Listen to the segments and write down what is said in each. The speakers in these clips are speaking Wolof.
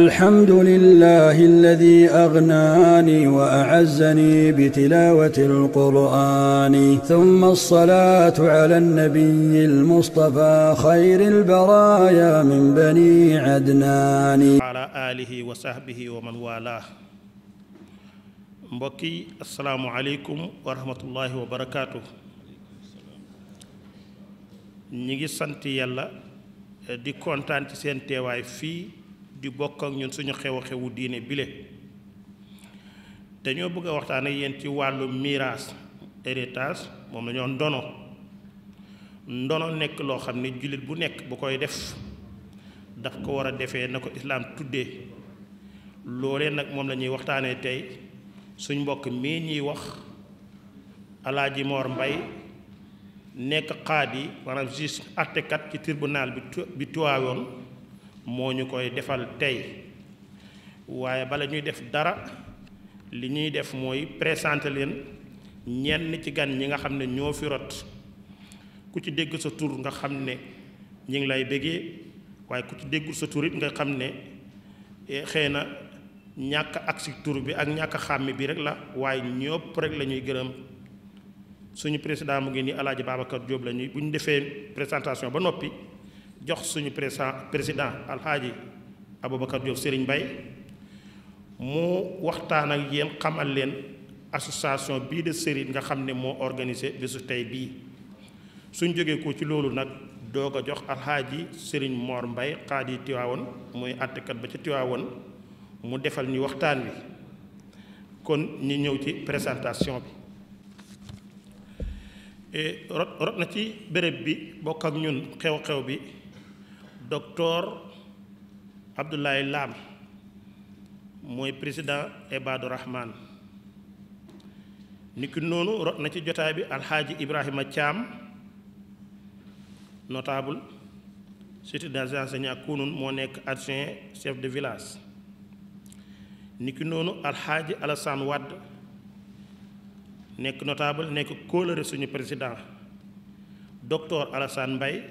الحمد لله الذي أغناني وأعزني بتلاوة القرآن ثم الصلاة على النبي المصطفى خير البرايا من بني عدنان على آله وصحبه ومن والاه mbokk yi asalaamualeykum wa rahmatullahi wa barakaatu ñi ngi sant yàlla di kontaan ci seen teewaay fii di bokk ak ñun suñu xew-xewu diine bile dañoo bëgg a waxtaan ak yéen ci wàllu miraas héritage moom lañoo ndono ndono nekk loo xam ne jullit bu nekk bu koy def daf ko war a defee na ko islaam tuddee loolee nag moom lañuy waxtaanee tey suñ mbokk mii ñuy wax alaaji Mor Mbay nekk xaadi maanaam juste àttekat ci tribunal bi bi tuwaayoon moo ñu koy defal tey waaye bala ñuy def dara li ñuy def mooy présenté leen ñenn ci gan ñi nga xam ne ñoo fi rot ku ci dégg sa tur nga xam ne ñi ngi lay bëggee waaye ku ci déggul sa tur nga xam ne eh, xëy na ñàkk ak tur bi ak ñàkk xàmmi bi rek la waaye ñëpp rek la ñuy gërëm suñu président mu ngi nii Alaaji Babacar Diop la ñuy bu ñu defee présentation ba noppi jox suñu président président alxaaji Aboubacar Diop sëriñ Mbaye mu waxtaan ak yéen xamal leen association bii de Serigne nga xam ne moo organisé bésu tey bii suñ jógee ko ci loolu nag doog a jox alxaaji Serigne Mor Mbaye xaadi Tiwaawoon mooy àttekat ba ca Tiwaawoon mu defal ñu waxtaan wi kon ñu ñëw ci présentation bi eh, rot rot na ci béréb bi bokk ak ñun xew-xew bi docteur Abdoulaye Lam mooy président Ebadu Rahman niki noonu rot ci jotaay bi alxaaji Ibrahima Thiam notable surtout des enseignants kunun moo nekk adjoint chef de village niki noonu alxaaji Alassane Wade nekk notable nekk kóolëre suñu président docteur alasaan mbay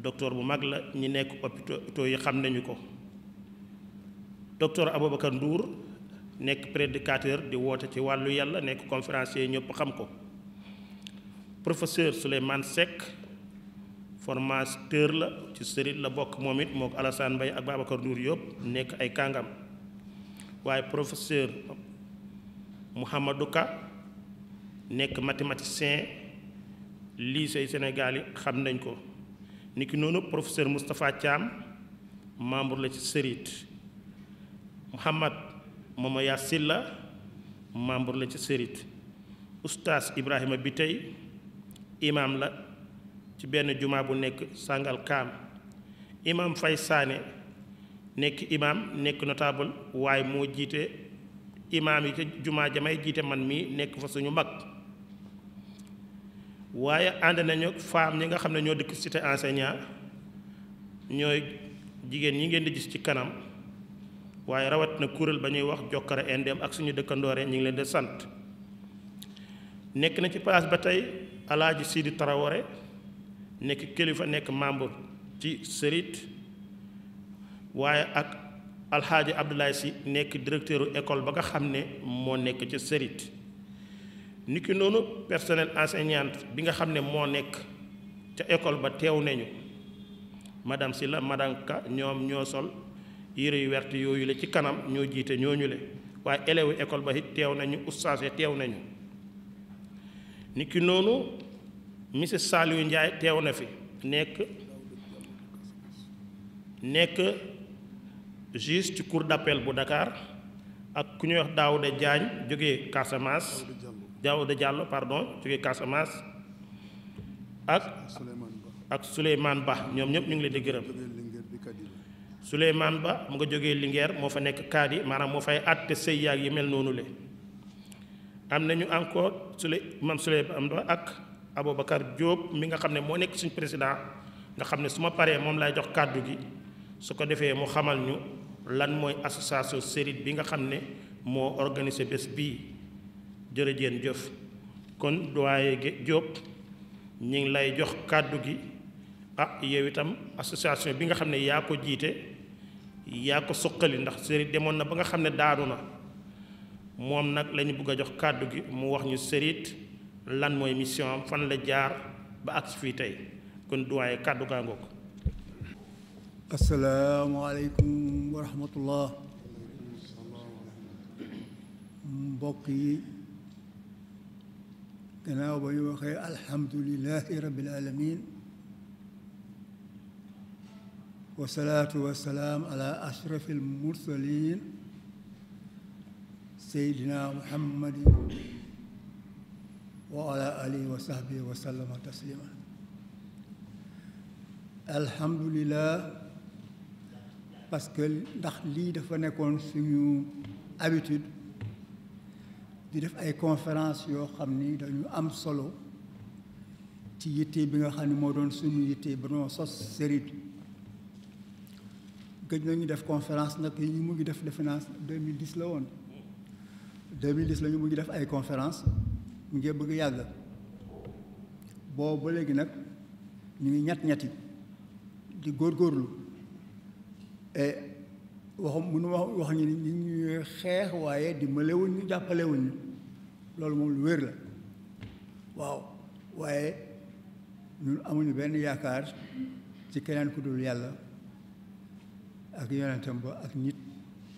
docteur bu mag la ñi nekk hôpitaux yi xam nañu ko docteur Aboubacar Ndour nekk prédicateur di woote ci wàllu yàlla nekk conférencier ñëpp xam ko professeur Souleymane Seck formateur la ci sëriñ la bokk moom it moo mook Alassane Mbaye ak Babacar Ndour yëpp nekk ay kàngam waaye professeur Mouhamadou Ka nekk mathématicien lycée Sénégal yi xam nañ ko ni ki noonu professeur Moustapha Thiam membre la ci sérit Mouhamad Mamaya Silla membre la ci sérit oustaz Ibrahima tey imam la ci benn jumaa bu nekk sàngal kaam imam Fay Saane nekk imaam nekk notable waaye moo jiite imaam yi ca jumaa jamay jiite man mii nekk fa suñu mag waaye ànd nañu femme ñi nga xam ne ñoo dëkk cité enseignant ñooy jigéen ñi ngeen di gis ci kanam waaye rawat na kuréel ba ñuy wax jokkara indem ak suñu dëkkandooree ñu ngi leen de sant nekk na ci place ba tey alaaji Sidi Traoré nekk kilifa nekk membre ci sërit waaye ak alxaaji Abdoulaye si nekk directeur école ba nga xam ne moo nekk ci sërit niki noonu personnel enseignant bi nga xam ne moo nekk ca école ba teew nañu madame Sylla madame Ka ñoom ñoo sol yére yu wert yooyu la ci kanam ñoo jiite ñooñu le waaye élèves école ba it teew nañu ustaas yi teew nañu niki noonu monsieur Saliou Ndiaye teew na fi nekk nekk juge ci cour d'appel bu Dakar ak ku ñuy wax Daouda jaañ jóge Casamance Daouda Diallo pardon jóge Casamance ak ak Souleymane Ba ñoom ñëpp ñu ngi leen di gërëm Souleymane Ba mu nga jógee Linguère moo fa nekk kaadi maanaam moo fay àtte sëy yaag yi mel noonu le am nañu encore Souley mam Souleymane Ba ak Aboubacar Diop mi nga xam ne moo nekk suñ président nga xam ne su ma paree moom lay jox kàddu gi su ko defee mu xamal ñu lan mooy association sérite bi nga xam ne moo organisé bés bii jërëjeen jëf kon doyen Diop ñu ngi lay jox kàddu gi ah yow itam association bi nga xam ne yaa ko jiite yaa ko suqali ndax sëriñ demoon na ba nga xam ne daanu na moom nag lañu bëgg jox kàddu gi mu wax ñu sëriñ lan mooy mission am fan la jaar ba agsi fii tey kon doyen kàddu gaa ngoog asalaamaaleykum wa rahmatullah ginnaaw ba ñu waxee alhamdulilahi rabbil alamin wasalaatu wasalaam ala ashraf almursalin seydina muhammadin wa ala alihi wa sahbihi wa sallama taslima alhamdulilah parce que ndax lii dafa nekkoon suñu habitude di def ay conférence yoo xam ni dañu am solo ci yitte bi nga xam ne moo doon suñu yitte ba noo sos série bi gëj nañu def conférence nag yi ñu mujj def defe naa 2010 la woon 2010 la ñu mujj def ay conférence mu ngi bëgg yàgg boobu léegi nag ñu ngi ñett ñetti di góorgóorlu et waxu mënu wax wax ñu ni ñu xeex waaye di wuñ ñu jàppale wuñ ñu loolu moom lu wér la waaw waaye ñun amuñu benn yaakaar ci keneen ku dul yàlla ak yonentam ba ak nit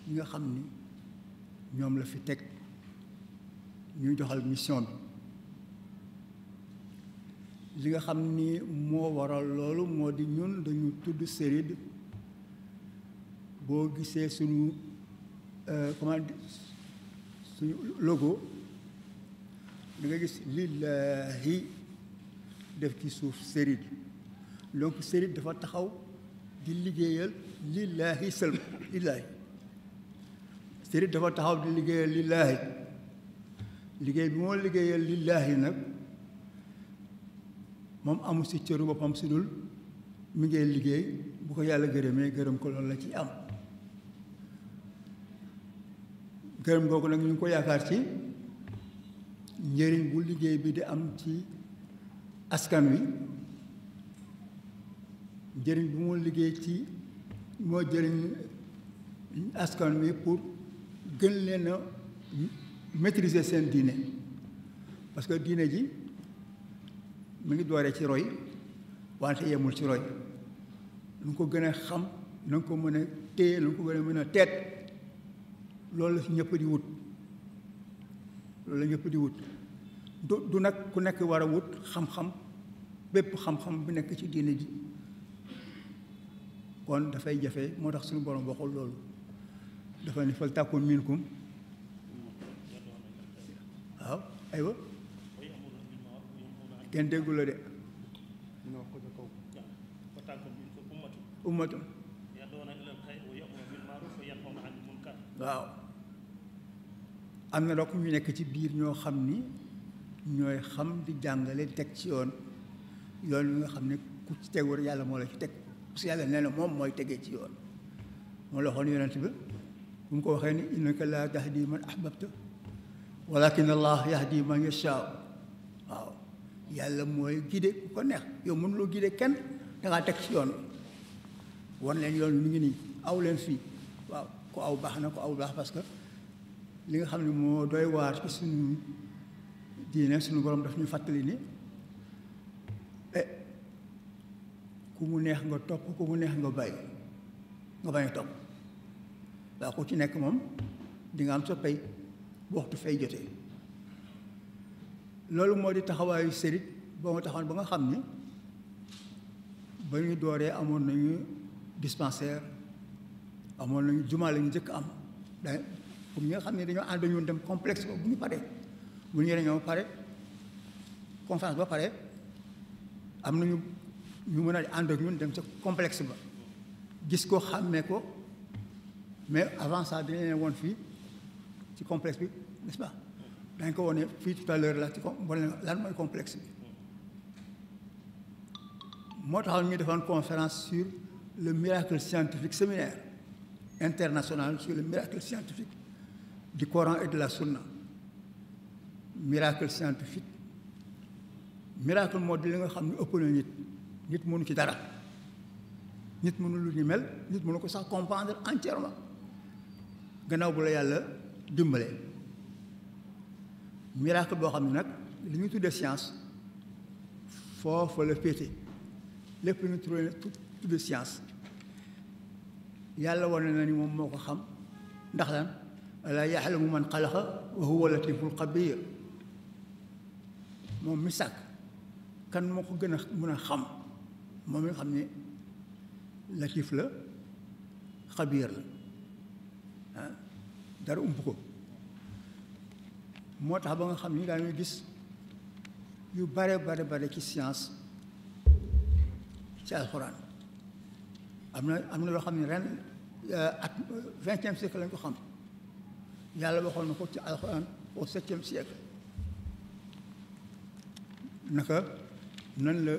ñi nga xam ni ñoom la fi teg ñuy joxal mission bi li nga xam ni moo waral loolu moo di ñun dañu tudd Séride boo gisee suñu euh, comment suñu logo da nga gis lillahi def ci suuf sérid donc sérid dafa taxaw di liggéeyal lillahi sëlm lillahi sérid dafa taxaw di liggéeyal lillahi liggéey bi moo liggéeyal lillahi nag moom amu si cëru boppam si dul mi ngi liggéey bu ko yàlla gërëmee gërëm ko loolu la ci am gërëm googu nag ñu ngi ko yaakaar ci njëriñ bu liggéey bi di am ci askan wi njëriñ bu mu liggéey ci moo jëriñ askan wi pour gën leen a maîtriser seen diine parce que diine ji mu ngi dooree ci roy wante yemul ci roy lu ko gën a xam na nga ko mën a téye lu ko gën a mën a teet loolu la si ñëpp di wut loolu la ñëpp di wut du du nag ku nekk war a wut xam-xam bépp xam-xam bu nekk ci diine ji kon dafay jafe moo tax suñu borom waxul loolu dafa ne fal tàkkoon minkum waaw aywa kenn déggu la de ummatu waaw am na dokk ñu nekk ci biir ñoo xam ni ñooy xam di jàngale teg ci yoon yoon wi nga xam ne ku ci teg war yàlla moo la ci teg parce yàlla nee na moom mooy tegee ci yoon moo la waxoon yonent ko waxee ni innaka laa tahdi man ahbabta walakin allah yahdi man yashaa waaw yàlla mooy gide ku ko neex yow mënuloo gide kenn dangaa teg ci yoon wan leen yoon mi ngi nii aw leen fii waaw ku aw baax na ku aw baax parce que li nga xam ne moo doy waar ci suñu diine suñu borom daf ñu fàttali ni eh ku mu neex nga topp ku mu neex nga bàyyi nga bañ a topp waaw ku ci nekk moom di nga am soppay bu waxtu fay jotee loolu moo di taxawaayu sërit boo ma taxoon ba nga xam ni ba ñu dooree amoon nañu dispensaire amoon nañu jumaa la ñu njëkk am pour ñi xam ne dañoo ànd ñoon dem complexe ba bu ñu paree bu ñu réunion pare conférence ba pare am nañu ñu mën a ànd ak ñun dem sa complexe ba gis ko xàmmee ko mais avant ça dañu leen woon fii ci complex bi n'est-ce pas dañ ko wone fii tout à l'heure la ci lan mooy complexe bi moo taxoon ñu defan conférence sur le miracle scientifique séminaire international sur le miracle scientifique di Coran et de la Sunna miracle scientifique miracle moo di li nga xam ne ëpp na nit nit mënu ci dara nit mënu lu ñu mel nit mënu ko sax comprendre entièrement gannaaw bu la yàlla dimbalee miracle boo xam ne nag li ñu tuddee science foofu la féete lépp lu ñu tuddee science yàlla wane na ni moom moo ko xam ndax lan alaa yaxlamu man xalaqa wa huwa latiful xabiir moom mi sàkk kan moo ko gën a mën a xam moom mi nga xam ni latif la xabiir la ah, dara ump ko moo tax ba nga xam ni daañuy gis yu bare bare bare ci science ci alxuraan am na am na loo xam ne ren euh, at euh, vingtième siècle lañ ko xam yàlla waxoon na ko ci alxuraan au septième siècle naka nan la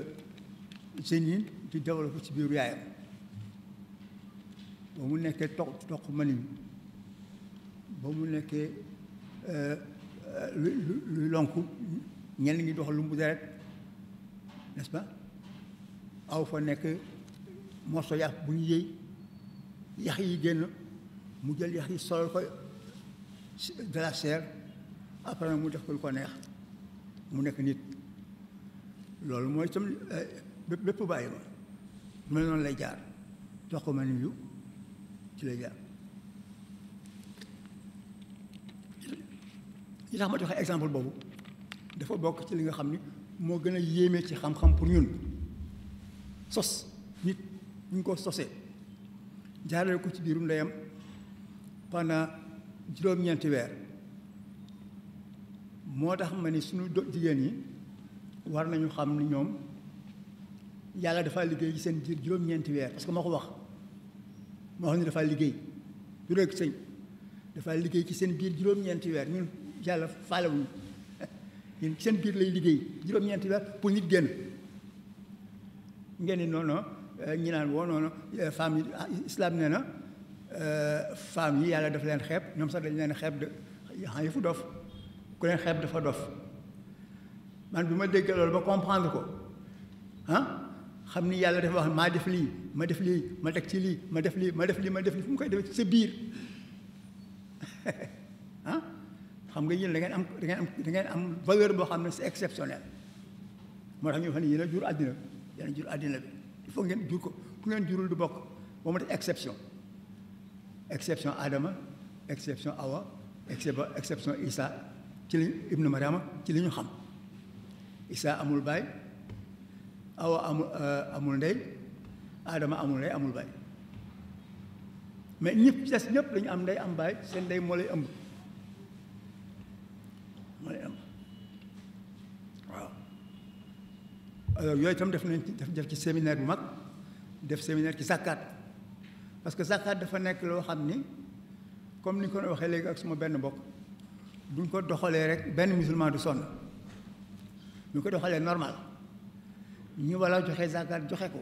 génine di développé ci biiru yaayam ba mu nekkee toq toq maniñ ba mu nekkee euh, euh, luy lonku ñenn ngi dox lu mu deret nest aw fa nekk morso yàq bu ñu yëy yax yi génn mu jël yax yi solal ko de la chair après mu def ko lu ko neex mu nekk nit loolu mooy itam eh, bépp bàyyi ma mu ne noonu lay jaar jox ko ma ni yu ci lay jaar li tax ma joxe exemple boobu dafa bokk ci li nga xam ni moo gën a yéeme ci xam-xam pour ñun sos nit ñu ko sosee jaarale ko ci biiru ndeyam pendant juróom-ñeenti weer moo tax ma ni suñu jigéen yi war nañu xam ni ñoom yàlla dafa liggéey ci seen jiir juróom-ñeenti weer parce que moo ko wax moo xam ne dafa liggéey du rek sëñ dafa liggéey ci seen biir juróom-ñeenti weer ñun yàlla faalewuñu ñun seen biir lay liggéey juróom-ñeenti weer pour nit génn ngeen ni noonu eh, ñi naan woo noonu eh, femme ah, islam nee na Euh, femmes yi yàlla def leen xeeb ñoom sax dañ leen xeeb de xam yëfu dof ku leen xeeb dafa dof man bi ma déggee loolu ba comprendre ko ah xam ni yàlla dafa wax maa def lii ma def lii ma teg ci lii ma def lii ma def lii ma def lii fu mu koy defee ci sa biir ah xam nga yéen da ngeen am da am da ngeen am valeur boo xam ne si exceptionnel moo tax ñu wax ne yéen jur àddina yéen a jur àddina bi il faut ngeen jur ko ku ngeen jurul du bokk ba mu def exception exception Adama exception Awa exception Isa ci li ibnu Mariama ci li ñu xam Isa amul baay Awa amul euh, amul ndey Adama amul ndey amul baay mais ñëpp des ñëpp dañu am ndey am baay seen ndey moo lay ëmb waaw yooyu tam def nañ def ci séminaire bu mag def séminaire ci sàkkaat parce que zakat dafa nekk loo xam ni comme ni ko waxee léegi ak suma benn mbokk duñ ko doxalee rek benn musulman du sonn ñu ko doxalee normal ñu war a joxe zakat joxe ko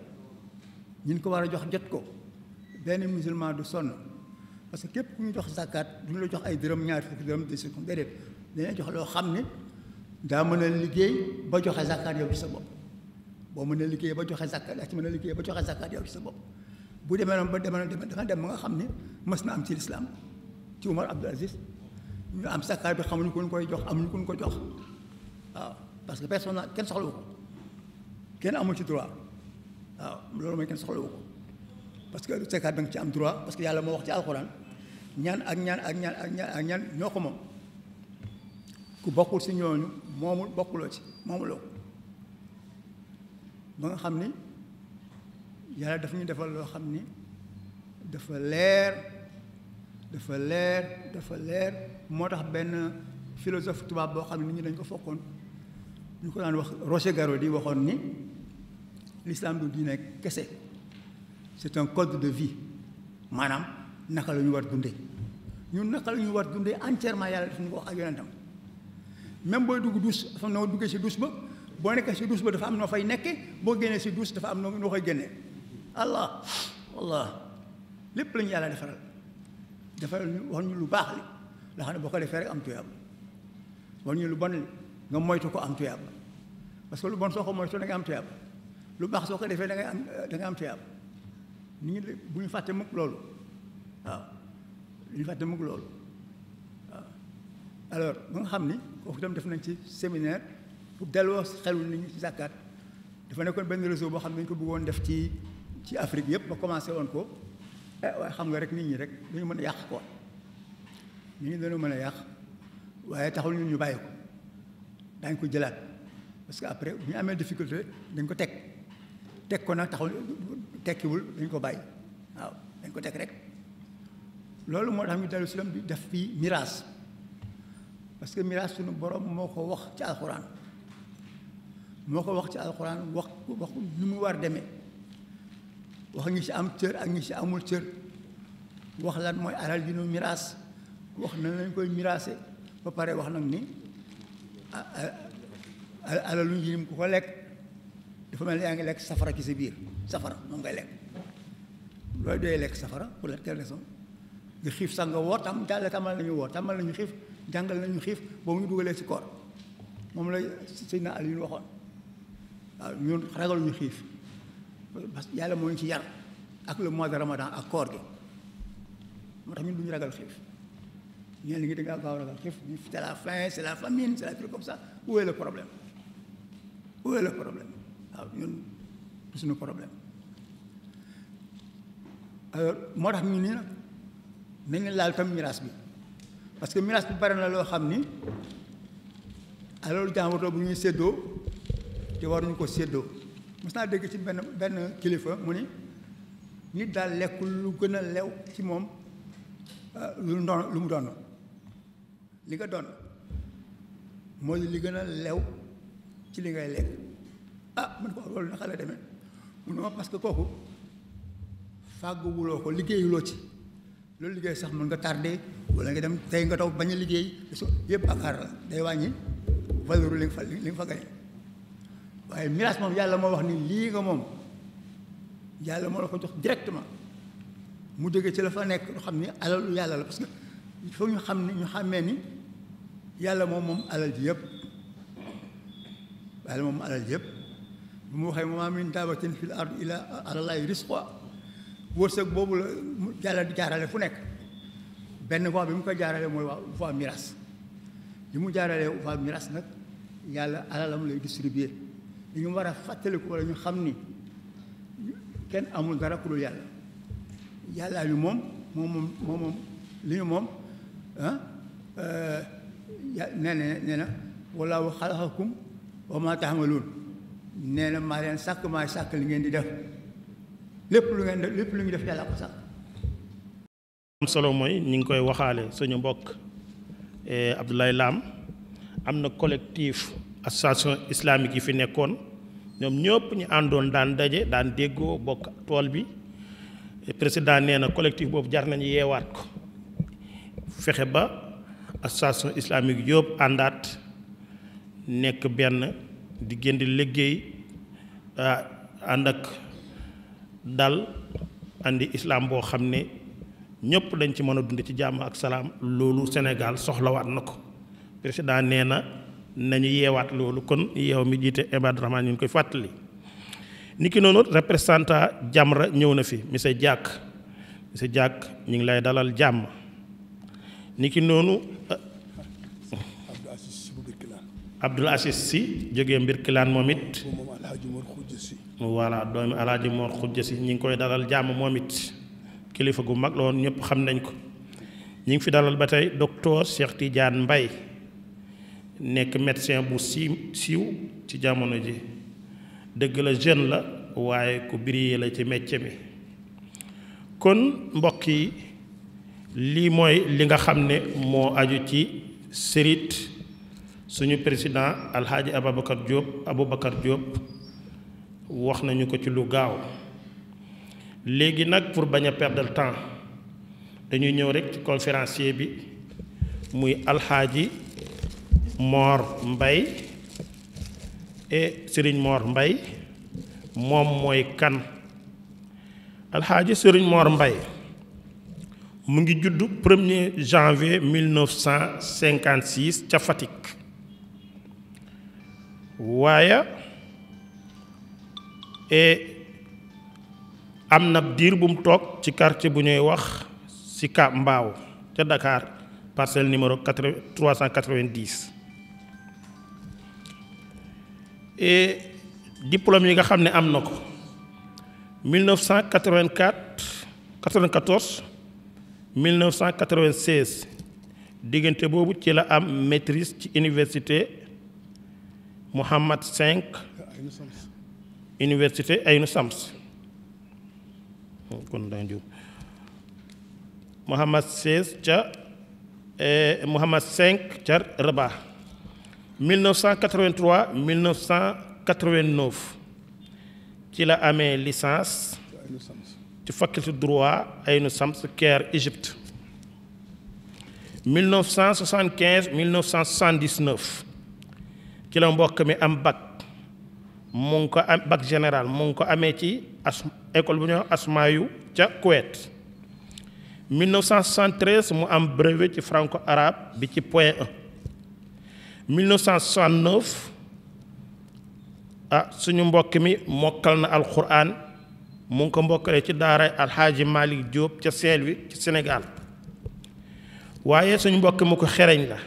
ñun ko war a jox jot ko benn musulman du sonn parce que képp ku ñu jox zakat duñ la jox ay dërëm ñaar fukki dërëm de sukk déedéet dañuy jox loo xam ne daa mën a liggéey ba joxe zakat yow ci sa bopp boo mën a liggéey ba joxe zakat daa a liggéey ba joxe zakat yow ci sa bopp bu demee noonu ba demee noonu dafa dem ba nga xam ne mës na am ci lislaam ci Umar Abdul Aziz ñu am sakkaar bi xamuñu ku ñu koy jox amuñu ku ñu ko jox waaw que personne kenn soxlawu ko kenn amul ci droit waaw loolu mooy kenn soxlawu ko parce que sakkaar bi nga ci am droit parce que yàlla moo wax ci alxuraan ñan ak ñaan ak ñaan ak ak ñaan ñoo ko moom ku bokkul si ñooñu moomul bokkuloo ci moomuloo ko nga xam ni yàlla dafa ñu defal loo xam ni dafa leer dafa leer dafa leer moo tax benn philosophe tubaab boo xam ne nit ñi dañ ko fokkoon ñu ko daan wax garo di waxoon ni l'islam du diine kese c'est un code de vie maanaam naka la ñu war dundee ñun naka la ñu war dundee entièrement yàlla daf ñu ko wax ak yonentam même booy dugg douche dafa noo duggee si douche ba boo nekkee si douche ba dafa am noo fay nekkee boo génnee si douche dafa am noo noo koy génnee allah allah lépp la ñu yàlla defaral defaral wax ñu lu baax li xam ne boo ko defee rek am tuyaab wax ñu lu bon li nga moytu ko am tuyaab parce que lu bon soo ko moytu da nga am tuyaab lu baax soo ko defee da ngay am da nga am tuyaab nit ñi bu ñu fàtte mukk loolu waaw lu ñu fàtte xam ni kooku itam def nañ ci séminaire pour delloo xelul nit ñi ci zàkkaat dafa nekkoon benn réseau boo xam ne dañu ko bëggoon def ci ci Afrique yëpp ba commencé woon ko eh, waaye xam nga rek nit ñi rek dañu mën a yàq ko nit ñi dañu mën a yàq waaye taxul ñun ñu bàyyi ko daañ ko jëlaat parce que après bu ñu amee difficulté dañ ko teg teg ko nag taxul tekkiwul dañ ko bàyyi waaw dañ ko teg rek loolu moo tax mu dellu si doon di def fii miraas parce que miraas suñu borom moo ko wax ci alxuraan moo ko wax ci alxuraan wax wax nu mu war demee wax ñu ci am cër ak ñu ci amul cër wax lan mooy alal yu nu miraas wax na lañ koy miraase ba pare wax nag ni alalu njirim ku ko lekk dafa mel yaa ngi lekk safara ci sa biir safara moom ngay lekk looy doy lekk safara pour la quelle raison nga xiif sax nga woor tam jàll tàmmal nañu woor tàmmal nañu xiif jàngal nañu xiif boobu ñu dugalee si koor moom la sëñ na al yu ñu waxoon waaw ñun ragal xiif parce que yàlla moo ñu ci yar ak le mois de ramadan ak koor gi moo tax ñun du ñu ragal xiif ñeen li ngi da gaaw ragal xiif c'est la faim c'est la famine c'est la truc comme ça où est le problème où est le problème waaw ñun du suñu problème alors moo tax ñu nii nag nañu laal tam miraas bi parce que miraas bi bari na loo xam ni alors jàmbatoo bu ñuy séddoo te waruñu ko seddoo mos naa dégg ci benn benn kilifa mu ni nit daal lekk lu gën a lew ci moom euh, lu doon lu mu doon li nga doon mooy li gën a lew ci li ngay lekk ah man ko loolu naka la demee mu ne ma que kooku fàgguwuloo ko liggéeyuloo ci loolu liggéey sax mën nga tardé wala nga dem tey nga taw bañ liggéey yëpp bàkkaar la day wàññi valeur li nga fa li nga fa gañe waaye miraas moom yàlla moo wax nii lii nga moom yàlla moo la ko jox directement mu jóge ci la fa nekk lu xam ni alalu yàlla la parce que ñu xam ni ñu xàmmee ni yàlla moom moom alal ji yëpp yàlla moom alal ji yëpp bu mu waxee maa min daabatin fil ard ila alallaahi risqa wërsëg boobu la yàlla di jaarale fu nekk benn voie bi mu ko jaarale mooy waa voie miraas bi mu jaarale voie miraas nag yàlla alalam lay distribuer dañu war a fàttaliku wala ñu xam ni kenn amul dara ku dul yàlla yàllaa ñu moom moom moom moom moom li ñu moom ah eh, nee na nee na wallaahu xalaqakum wa maa taxamaluun nee na maa leen sàkk maay sàkk li ngeen di def lépp lu ngeen def lépp lu ñu def yàlla ko sàkk am solo mooy ñu ngi koy waxaale suñu mbokk eh, Abdoulaye Lam am na collectif association islamique yi fi nekkoon ñoom ñëpp ñu àndoon daan daje daan déggoo bokk tool bi président nee na collectif boobu jar nañu yeewaat ko fexe ba association islamique yëpp àndaat nekk benn di gën di liggéey ànd ak dal andi islam boo xam ne ñëpp dañ ci mën a dund ci jàmm ak salaam loolu Sénégal soxlawaat na ko président nee nañu yeewaat loolu kon yow mi jiite Ibaadu Rahmaan ñu ngi koy fàttali niki noonu représentant Jamra ñëw na fi monsieur jàkk monsieur Diack ñu ngi lay dalal jàmm ki noonu euh, Abdoul Aziz Sy jógee mbir kilaan moom it voilà doomi alaaji Mor Xujja Sy ñu ngi koy dalal jàmm moom it kilifa gu mag la woon ñëpp xam nañ ko ñu ngi fi dalal ba tey docteur seex Tidiane mbay nekk médecin bu siiw siiw ci jamono ji dëgg la jeune la waaye ko briller la ci métier mi kon mbokk yi lii mooy li nga xam ne moo aju ci sérit suñu président alxaaji Ababacar Diop Aboubacar wax nañu ko ci lu gaaw léegi nag pour bañ a perdre temps dañuy ñëw rek ci conférencier bi muy alxaaji Mor Mbay e sëriñ Mor Mbay moom mooy kan alxaaji sëriñ Mor Mbay mu ngi judd 1er janvier 1956 ca Fatick waaye e am na diir bum toog ci quartier bu ñuy wax ci ka Mbao ca dakaar parcelle numéro 390 diplôme yi nga xam ne am na ko 1984 94 1996 diggante boobu ci la am maîtrise ci université Mohammed V université Aynu Sams kon daan ca eh, Mohammed V ca Rabat 1983 1989 ci la amee licence ci faculté droit Aïnou Sams Caire Égypte 1975 1979 ci la mbokk mi am bac mu ngi ko am bac général mu ngi ko amee ci as école bu ñoo Asmayu ca Kuwait 1973 mu am brevet ci franco arabe bi ci point 1 1969 ah suñu mbokk mi mokkal na alxuraan mu ngi ko mbokkale ci daara alxaaji Malick Diop ca seel wi ci Sénégal waaye suñu mbokk mu ko xereñ la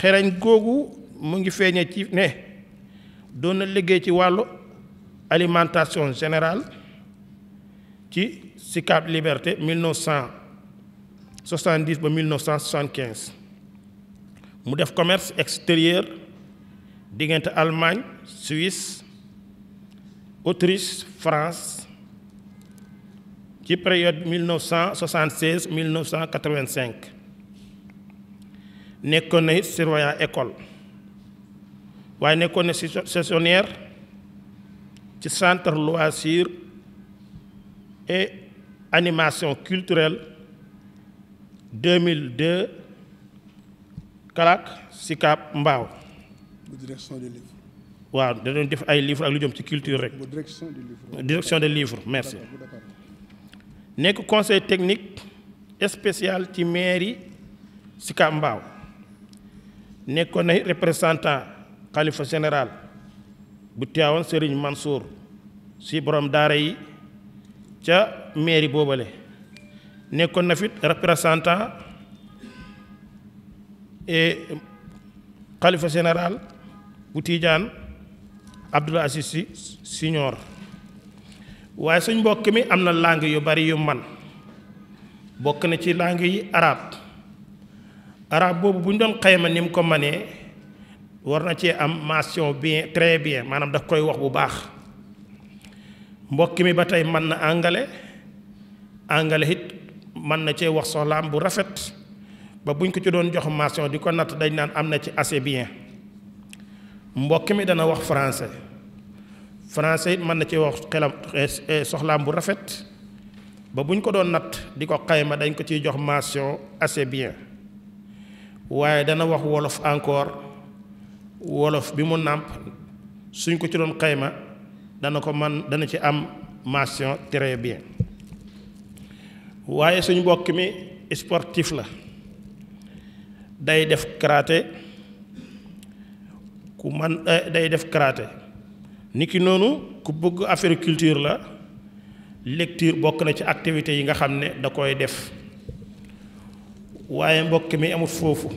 xereñ googu mu ngi feeñee ci ne doon na liggéey ci wàllu alimentation général ci Sicap Liberté 1970 ba 1975 mu def commerce extérieur diggante Allemagne Suisse Autriche France ci période 1976 1985 nekkoon na it école waaye nekkoon na saisonnière ci centre loisir et animation culturelle 2002 Kalaak Sikaab Mbaaw. bu waaw da doon def ay livres ak lu jëm ci culture rek. bu direction de livres. direction merci. nekk conseil technique spécial ci mairie Sikaab Mbaaw. nekkoon na représentant kalifa général bu Tiwaawan sëriñ Mansour si borom daara yi ca mairie boobale nekkoon na fit représentant. xalifa général bu Tiijaan Abdoul Aziz Sy Senior waaye suñ mbokk mi am na langue yu bari yu man bokk na ci langue yi arab arab boobu bu ñu doon xayma ni mu ko manee war na cee am mention bien très bien maanaam daf koy wax bu baax mbokk mi ba tey mën na angale angale it mën na cee wax soxlaam bu rafet ba buñ ko ci doon jox mention di ko natt dañ naan am na ci assez bien mbokk mi dana wax français français it mën na ci wax xelam eh, soxlaam bu rafet ba buñ ko doon natt di ko xayma dañ ko ciy jox mention assez bien waaye dana wax wolof encore wolof bi mu nàmp suñ ko ci doon xayma dana ko man dana ci am mention très bien waaye suñ mbokk mi sportif la day def karaté ku man eh, day def ni ki noonu ku bëgg affaire culture la lecture bokk na ci activité yi nga xam ne da koy def waaye mbokk mi amut foofu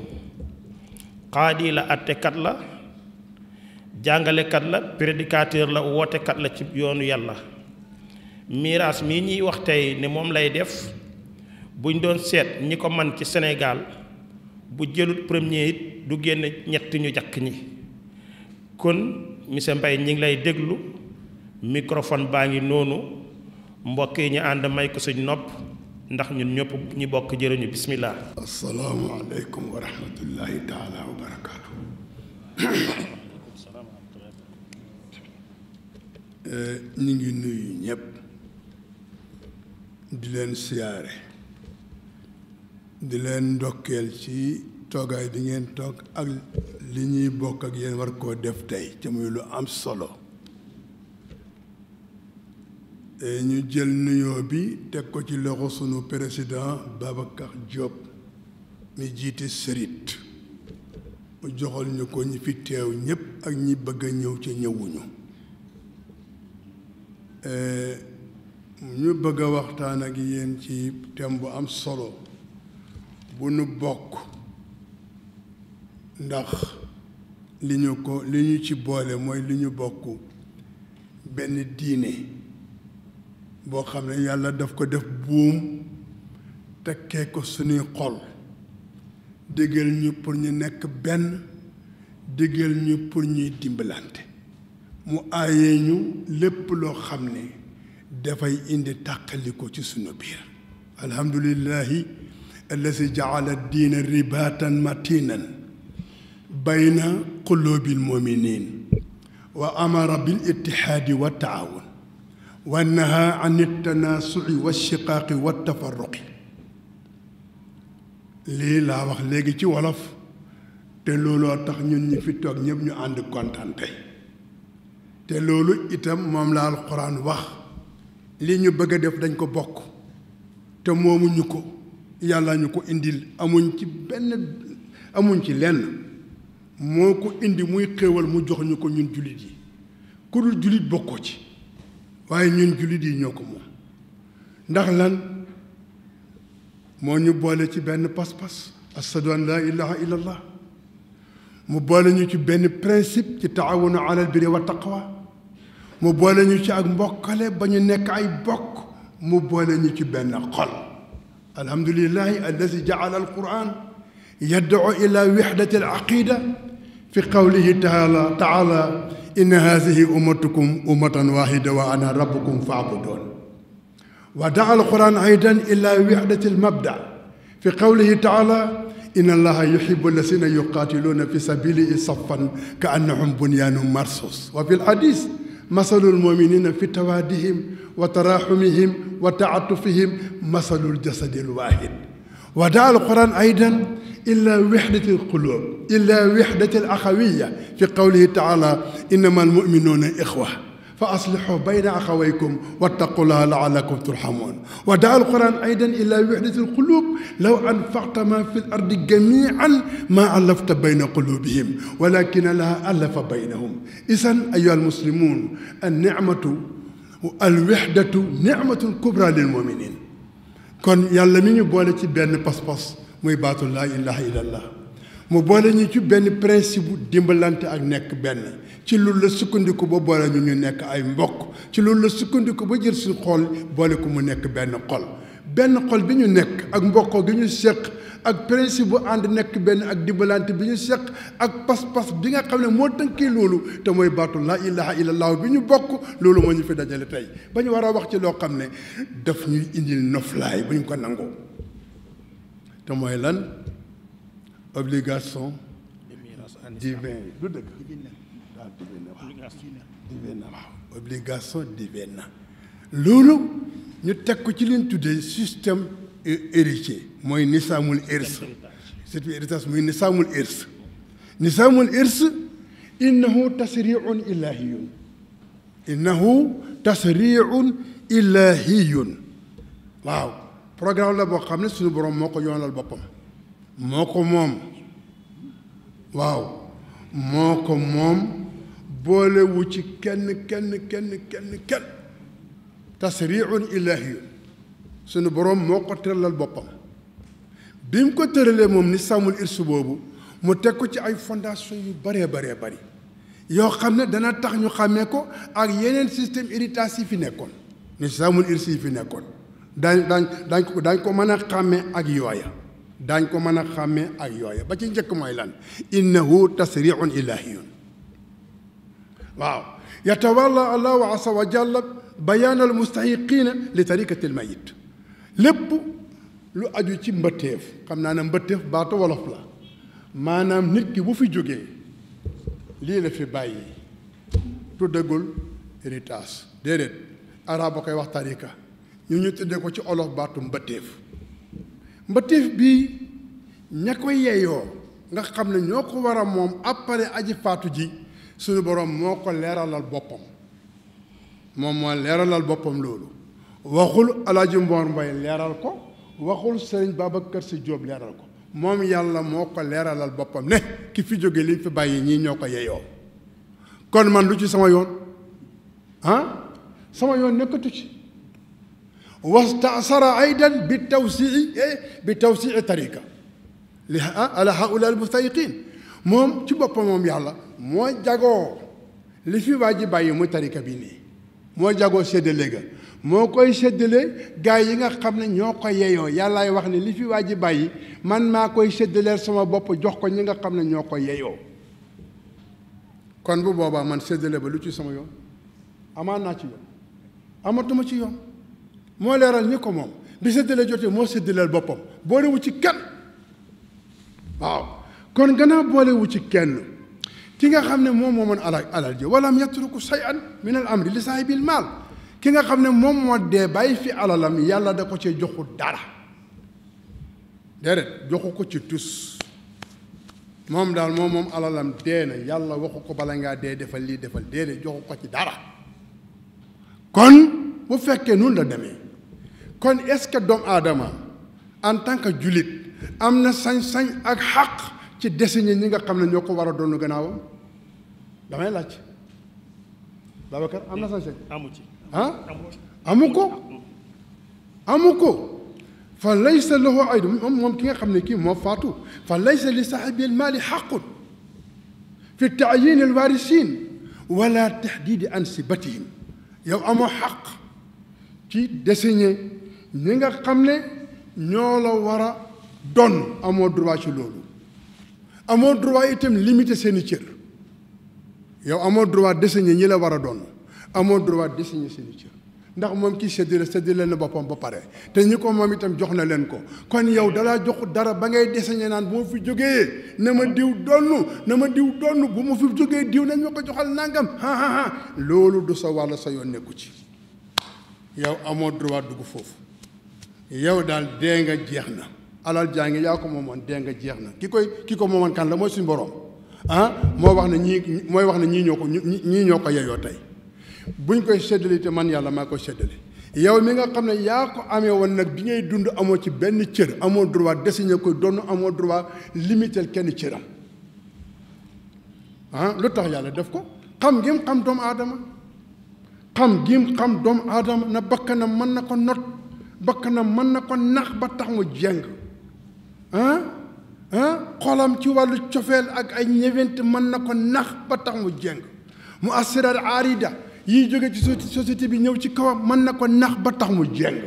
xaadi la àttekat la jàngalekat la prédicateur la wootekat la ci yoonu yàlla miraas mi ñuy wax tey ne moom lay def buñ doon seet ñi ko man ci Sénégal bu jëlut premier it du génn ñett ñu jakk ñi kon monsieur mbay ñi ngi lay déglu microphone baa ngi noonu mbokk yi ñu ànd may ko suñ nopp ndax ñu ñëpp ñu bokk jëriñu bismillah asalaamaaleykum wa rahmatullahi taala wa barakaatu eh, ñu ngi nuyu ñëpp di leen siyaare di leen ndokkeel ci toogaay di ngeen toog ak li ñuy bokk ak yéen war koo def tey te muy lu am solo e ñu jël nuyoo bi teg ko ci loxo sunu président Babacar Diop ñu jiite sërit mu joxal ñu ko ñi fi teew ñëpp ak ñi bëgg a ñëw ci ñëwuñu e ñu bëgg a waxtaan ak yéen ci thème bu am solo bu nu bokk ndax li ñu ko li ñu ci boole mooy li ñu bokk benn diine boo xam ne yàlla daf ko def buum tekkee ko sunuy xol déggal ñu pour ñu nekk benn déggal ñu pour ñuy dimbalante mu aayee ñu lépp loo xam ne dafay indi tàqali ko ci sunu biir alhamdulillahi allazi jaala diina ribaatan matinan bayna qulubil muminin wa amara bil ittihaadi wa taawun wa naha an ittanaasuci wa shiqaaqi wa tafarruqi lii laa wax léegi ci wolof te looloo tax ñun ñi fi toog ñëpp ñu ànd kontaan te loolu itam moom la alxuraan wax li ñu bëgg a def dañ ko bokk te moomuñu ko yàlla ñu ko indi amuñ ci benn amuñ ci lenn moo ko indi muy xéewal mu jox ñu ko ñun jullit yi ku dul jullit bokkoo ci waaye ñun jullit yi ñoo ko moom ndax lan moo ñu boole ci benn pas-pas ashadu an laa ilaha illa allah mu boole ñu ci benn principe ci taawunu alal birri wa taqwa mu boole ñu ci ak mbokkale ba ñu nekk ay bokk mu boole ñu ci benn xol alhamdulillahi alladi jaala alquran yad'u ila wixdati alaqida fi qawlihi taala taala inna haadihi ummatukum ummatan wahida wa ana rabbukum fa'budun wa da'a alquran aydan ila wixdati almabda fi qawlihi taala inna allaha yuhibbu allazina yuqaatiluuna fi sabiilihi saffan ka annahum bunyaanun marsus wa fi alhadis masalul muminina fi tawaadihim wa تراحمهم وتعاطفهم مثل الجسد الواحد ودعا القرآن أيضا إلى وحدة القلوب إلى وحدة الأخوية في قوله تعالى إنما المؤمنون إخوة فأصلحوا بين أخويكم واتقوا الله لعلكم ترحمون ودعا القرآن أيضا إلى وحدة القلوب لو أنفقت ما في الأرض جميعا ما ألفت بين قلوبهم ولكن الله ألف بينهم إذا أيها المسلمون النعمة alwihdatu nicmatul kubra lil muminin kon yàlla mi ñu boole ci benn pas-pas muy baatu laa ilaha illallah mu boole ñu ci benn principe bu dimbalante ak nekk benn ci loolu la sukkandiku ba boole ñu ñu nekk ay mbokk ci loolu la sukkandiku ba jël suñu xol boole ko mu nekk benn xol benn xol bi ñu nekk ak mbokkoo gi ñu seq ak principe bu ànd nekk benn ak dimbalante bi ñu seq ak pas-pas bi nga xam ne moo tënkee loolu te mooy baatu laa ilaha illallah bi ñu bokk loolu moo ñu fi dajale tey ba ñu war a wax ci loo xam ne daf ñuy indil noflaay bu ñu ko nangoo te mooy lan obligation divine ah, loolu ñu teg ko ci liñ tuddee système héritier mooy nisaamul irs surtout héritage muy nisaamul irs nisaamul irs innahu tasriun ilahiyun innahu tasriun ilahiyun waaw programme la boo xam ne suñu borom moo ko yoonal boppam moo ko moom waaw moo ko moom boolewu ci kenn kenn kenn kenn kenn tasriun ilahiyun sunu borom moo ko tëralal boppam bi mu ko tëralee moom ni sàmmul irsu boobu mu teg ko ci ay fondation yu baree baree bari yoo xam ne dana tax ñu xàmmee ko ak yeneen système héritage yi fi nekkoon ni sàmmul irsi yi fi nekkoon daañ dañ dañ ko daañ ko mën a xàmmee ak yooya dañ ko mën a xàmmee ak yooya ba ci njëkk mooy lan innahu tasriun ilahiyun waaw yatawalla allahu asa wa jalla bayaanal mustahiqiina li tariqati almayit lépp lu aju ci mbëtteef xam naa ne mbëtteef baatu wolof la maanaam nit ki bu fi jógee lii la fi bàyyi tuddagul héritage déedéet arab a koy wax tarika ñu ñu tuddee ko ci olof baatu mbëtteef mbëtteef bii ña ko yeyoo nga xam ne ñoo ko war a moom après aji faatu ji suñu borom moo ko leeralal boppam moom moo leeralal boppam loolu waxul alaaju mboor mbay leeral ko waxul sëriñ kër si Diop leeral ko moom yàlla moo ko leeralal boppam ne ki fi jóge li fi bàyyi ñii ñoo ko yeyoo kon man lu ci sama yoon ah sama yoon nekkatu ci wastaasara aydan bi tawsii eh, bi tawsii tarika li ala haula al moom ci boppamoom yàlla moo jagoo li fi waa ji bàyyi muy tarika bi nii moo jagoo séddale ga moo koy séddale gaay yi nga xam ne ñoo ko yeyoo yàllaay wax ne li fi waa ji bàyyi man maa koy séddaleel sama bopp jox ko ñi nga xam ne ñoo ko yeyoo kon bu boobaa man séddale ba lu ci sama yoon amaan naa ci yoon amatuma ci yoon moo leeral ñi ko moom bi séddale jotee moo séddaleel boppam boolewu ci kenn waaw kon gannaaw boolewu ci kenn ki nga xam ne moom moo moomoon alal alal ji walam yatruku shay'an min al amri li saahibil maal ki nga xam ne moom moo dee bàyyi fi alalam yàlla da ko ci joxu dara déedéet joxu ko ci tus moom daal moom moom alalam dee na yàlla waxu ko bala ngaa dee defal lii defal déedéet joxu ko ci dara kon bu fekkee nun la demee kon est-ce que doomu aadama en tant que jullit am na sañ-sañ ak xaq ci désigné ñi nga xam ne ñoo ko war a doon gannaawam damay laaj Babacar am na sañ-sañ amu ci ah amu ko amu ko fa laysa lahu aydu moom ki nga xam ne kii moo faatu fa laysa li saaxibi almaali xaqun fi taayin alwaarisiin wala taxdiidi ansibatihim yow amoo xaq ci désigner ñi nga xam ne ñoo la war a doon amoo droit ci loolu amoo droit itam limiter seeni cër yow amoo droit désigner ñi la war a doon amoo droit di signer signature ndax moom kii séddale séddale na boppam ba pare te ñi ko moom itam jox na leen ko kon yow dalaa jox dara ba ngay deseñe naan bu ma fi jógee na ma diw donn na ma diw donn bu ma fi jógee diw nañ ma ko joxal nangam ha ha loolu du sa wàll sa yoon nekku ci yow amoo droit dugg foofu yow daal dee nga jeex na alal jàngi ngi yaa ko moomoon dee nga jeex na ki koy ki ko moomoon kan la mooy suñu borom ah moo wax ne ñii mooy wax na ñii ñoo ko ñii ñoo ko yeyoo tey buñ koy séddale te man yàlla maa koy séddale yow mi nga xam ne yaa ko amee woon nag bi ngay dund amoo ci benn cër amoo droit désigné koy doon amoo droit limité kenn cëram ah lu tax yàlla def ko xam ngim xam doomu aadama xam ngim xam doomu aadama na bakkanam mën na ko not bakkanam mën na ko nax ba tax mu jeng ah, ah xolam ci wàllu cofeel ak ay ñëwent man na ko nax ba tax mu jeng mu asiraar arida yi jóge ci société bi ñëw ci kawam mën na ko nax ba tax mu jeng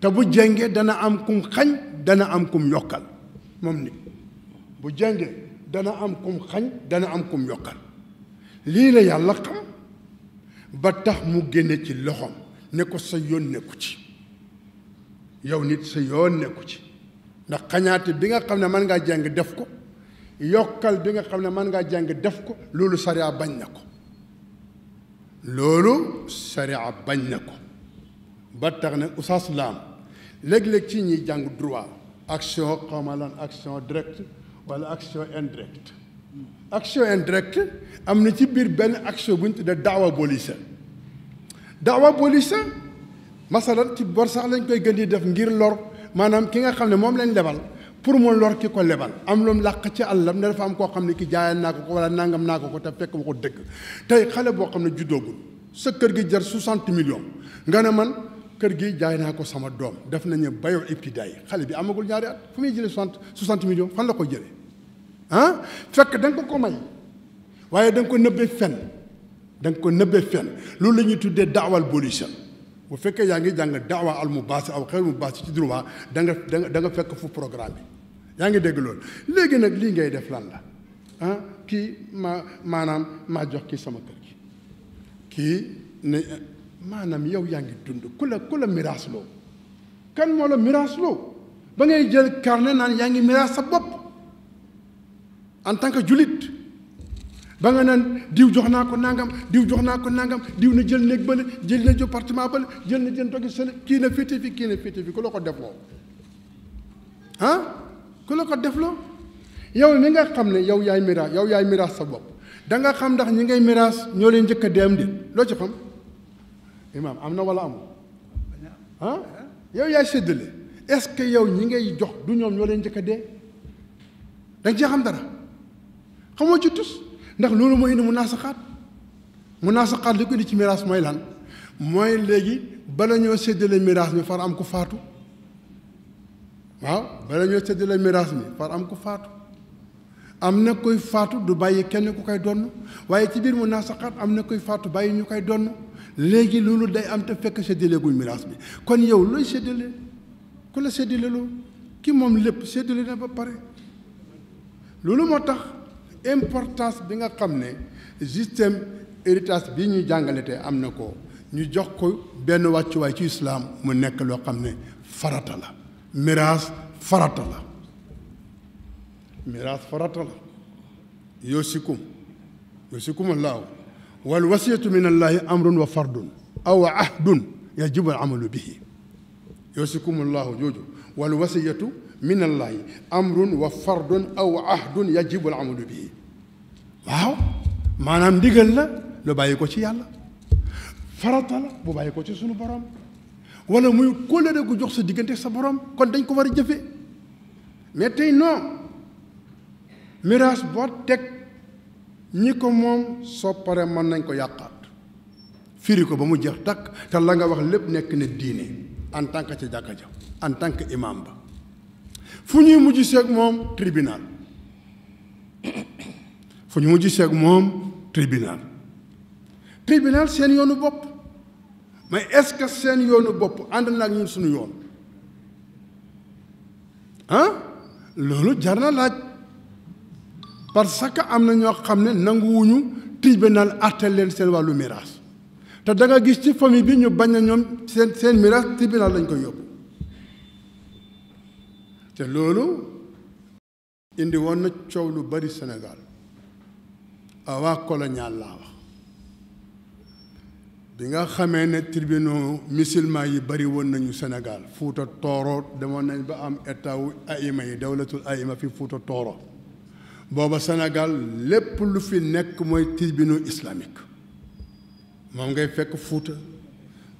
te bu jengee dana am kum xañ dana am kum yokkal moom bu jengee dana am kum dana am kum yokkal lii la yàlla xam ba tax mu génne ci loxoom ne ko sa yoon nekku ci yow nit sa yoon nekku ci ndax xañaate bi nga xam ne mën ngaa jàng def ko yokkal bi nga xam ne mën ngaa jàng def ko loolu sariya bañ na ko loolu sharia bañ na ko ba tax na la am léeg-léeg ci ñuy jàng droit action xawma lan action directe wala action indirecte action indirecte am na ci biir benn action bu ñu tuddee daawa bolisa daawa bolisa masalan ci bor sax lañ koy gën di def ngir lor maanaam ki nga xam ne moom lañ lebal pour mu lor ki ko lebal am loom làq ci àllam ne dafa am koo xam ne ki jaayal naa ko ko wala nangam naa ko ko te fekk ma ko dëgg tey xale boo xam ne juddoogul sa kër gi jar soixante millions nga ne man kër gi jaay naa ko sama doom def nañu bayoo ibtidaay xale bi amagul ñaari at fu muy jëlee soixante soixante fan la ko jëlee ah fekk da nga ko ko may waaye da ko nëbbe fen da nga ko nëbbee fen loolu la ñuy tuddee daawal boolition bu fekkee yaa ngi jàng daawa al mu baasi aw xel mu ci droit da nga da nga fekk fu programme bi yaa ngi dégg loolu léegi nag lii ngay def lan la ah kii maa maanaam maa jox kii sama kër gi kii ne maanaam yow yaa ngi dund ku la ku miraas loo kan moo la miraas loo ba ngay jël carnet naan yaa ngi miraas sa bopp en tant que julit ba nga naan diw jox naa ko nangam diw jox naa ko nangam diw na jël néeg bële jël na appartement bële jël na jël togi kii na féete fi kii na féete fi ku la ko defoo ah ku la ko def la yow mi nga xam ne yow yaay miraas yow yaay miraas sa bopp da nga xam ndax ñi ngay miraas ñoo leen njëkk a dee am di loo ci xam imaam am na wala amul yow yaay séddale est-ce que yow ñi ngay jox du ñoom ñoo leen njëkk a dee dañ cee xam dara xamoo ci tus ndax loolu mooy indi mu naa sa xaat mu naa sa xaat li ko di ci miraas mooy lan mooy léegi bala ñoo séddale miraas mi far am ko faatu waaw bala ñoo séddale miraas mi par am ku faatu am na koy faatu du bàyyi kenn ku koy donn waaye ci biir mu naasaqaat am na koy faatu bàyyi ñu koy donn léegi loolu day am te fekk séddale guñ miraas bi kon yow looy séddale ku la séddale loo ki moom lépp séddale na ba pare loolu moo tax importance bi nga xam ne système héritage bi ñuy jàngale te am na ko ñu jox ko benn wàccuwaay ci islaam mu nekk loo xam ne farata la miraas farata la miraas farata la yoosikum yoosikumallahu wal wasiyatu min allahi amrun wa fardun aw ahdun yajibu al amalu bihi yoosikumallahu jooju wal wasiyatu min allahi amrun wa fardun aw ahdun yajibu al bihi waaw maanaam ndigal la lu bàyyi ko ci yàlla farata la bu bàyyi ko ci sunu borom wala muy kóllëre gu jox sa diggante sa borom kon dañ ko war a jëfe mais tey non miraas boo teg ñi ko moom soo paree mën nañ ko yàqaat firi ko ba mu jeex takk te la nga wax lépp nekk ne diine en tant que ca jàkka ja en tant que imam ba fu ñuy mujj seeg moom tribunal fu ñu mujj seek moom tribunal tribunal seen yoonu bopp mais est-ce que seen yoonu bopp ànd naa ak ñun suñu yoon loolu jar na laaj parce que am na ñoo xam ne nanguwuñu tribunal àtte leen seen wàllu miraas te da nga gis ci famille bi ñu bañ a ñoom seen seen miraas tribunal lañ ko yóbbu te loolu indi woon na coow lu bari Sénégal waa colonial laa wax bi nga xamee ne tirbino musulman yi bari woon nañu Sénégal Fuuta Tooro demoon nañ ba am état wu aïma yi dawlatul aïma fi Fuuta Tooro booba Sénégal lépp lu fi nekk mooy tribunaux islamique moom ngay fekk Fuuta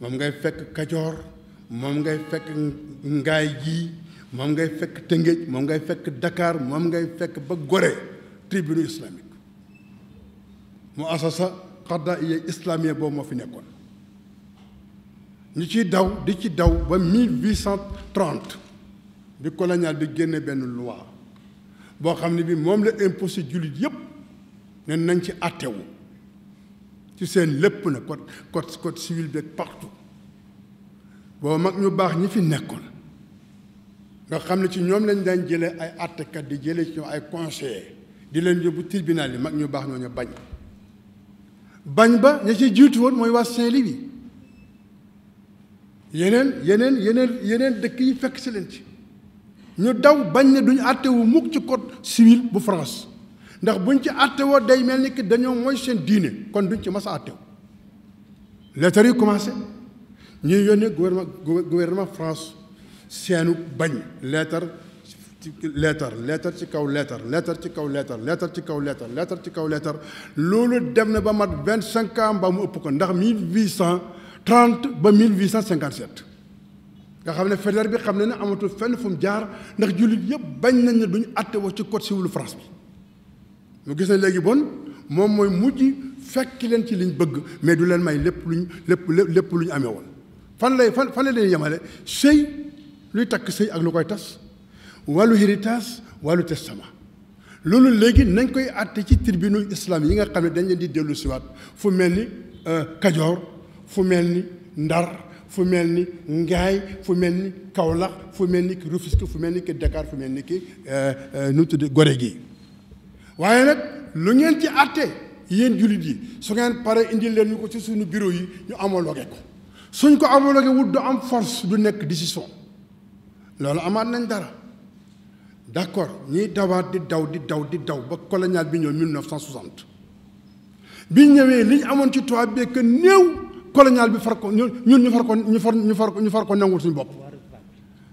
moom ngay fekk Kajoor moom ngay fekk Ngaay gii moom ngay fekk Tëngéej moom ngay fekk dakaar moom ngay fekk ba gore tribunaux islamique mu asasa xarda iya islamien boobu moo fi nekkoon ñu ci daw di ci daw ba 1830 bi colonial bi génne benn loi boo xam ne bi moom la imposé jullit yëpp ne nañ ci àttewu ci seen lépp na code code code civil beeg partout booba mag ñu baax ñi fi nekkoon nga xam ne ci ñoom lañ daan jëlee ay àttekat di jëlee ci ñoom ay conseillers di leen yóbbu tribunal yi mag ñu baax ñooñu bañ bañ ba ña ci jiitu woon mooy waa Saint-Louis yeneen yeneen yeneen yeneen dëkk yi fekk si leen ci ñu daw bañ ne duñu àtte wu mukk ci code civil bu France ndax buñ ci àtte woo day mel ni que dañoo mooy seen diine kon duñ ci mas a àtte wu lettre commencé ñuy yónnee gouvernement gouvernement France seenu bañ leetar ci leetar leetar ci kaw leetar leetar ci kaw leetar leetar ci kaw leetar leetar ci kaw leetar loolu dem na ba mat vingt cinq ans mu ëpp ko ndax mille huit cent trente ba mille huit cent cinquante sept nga xam ne fédéral bi xam ne ne amatul fenn fu mu jaar ndax jullit yëpp bañ nañ ne duñu àtte wax ci code civil France bi mu gis na léegi bon moom mooy mujj fekk leen ci liñ bëgg mais du leen may lépp luñ lépp lépp lu ñu amee woon fan lay fan fan la yemale sëy luy takk sëy ak lu koy tas wàllu héritage wàllu testament loolu léegi nañ koy àtte ci tribunal islam yi nga xam ne dañ leen di dellu siwaat fu mel ni euh, Kajoor fu mel ni Ndar fu mel ni Ngaay fu mel ni Kaolack fu mel ni ki Rufisque fu mel ni ki Dakar fu mel ni ki euh, euh, nu tudd gore gi waaye nag lu ngeen ci àtte yéen jullit yi su ngeen pare indi leen ñu ko ci suñu bureau yi ñu homologué ko suñ ko homologué wut du am force du nekk décision loolu amaat nañ dara d'accord ñiy dawaat di daw di daw di daw ba colonial bi ñëw 1960 bi ñëwee li ñu amoon ci tubaab bi néew colonial bi far ko ñun ñu far ko ñu far ñu far ñu far ko nangul suñu bopp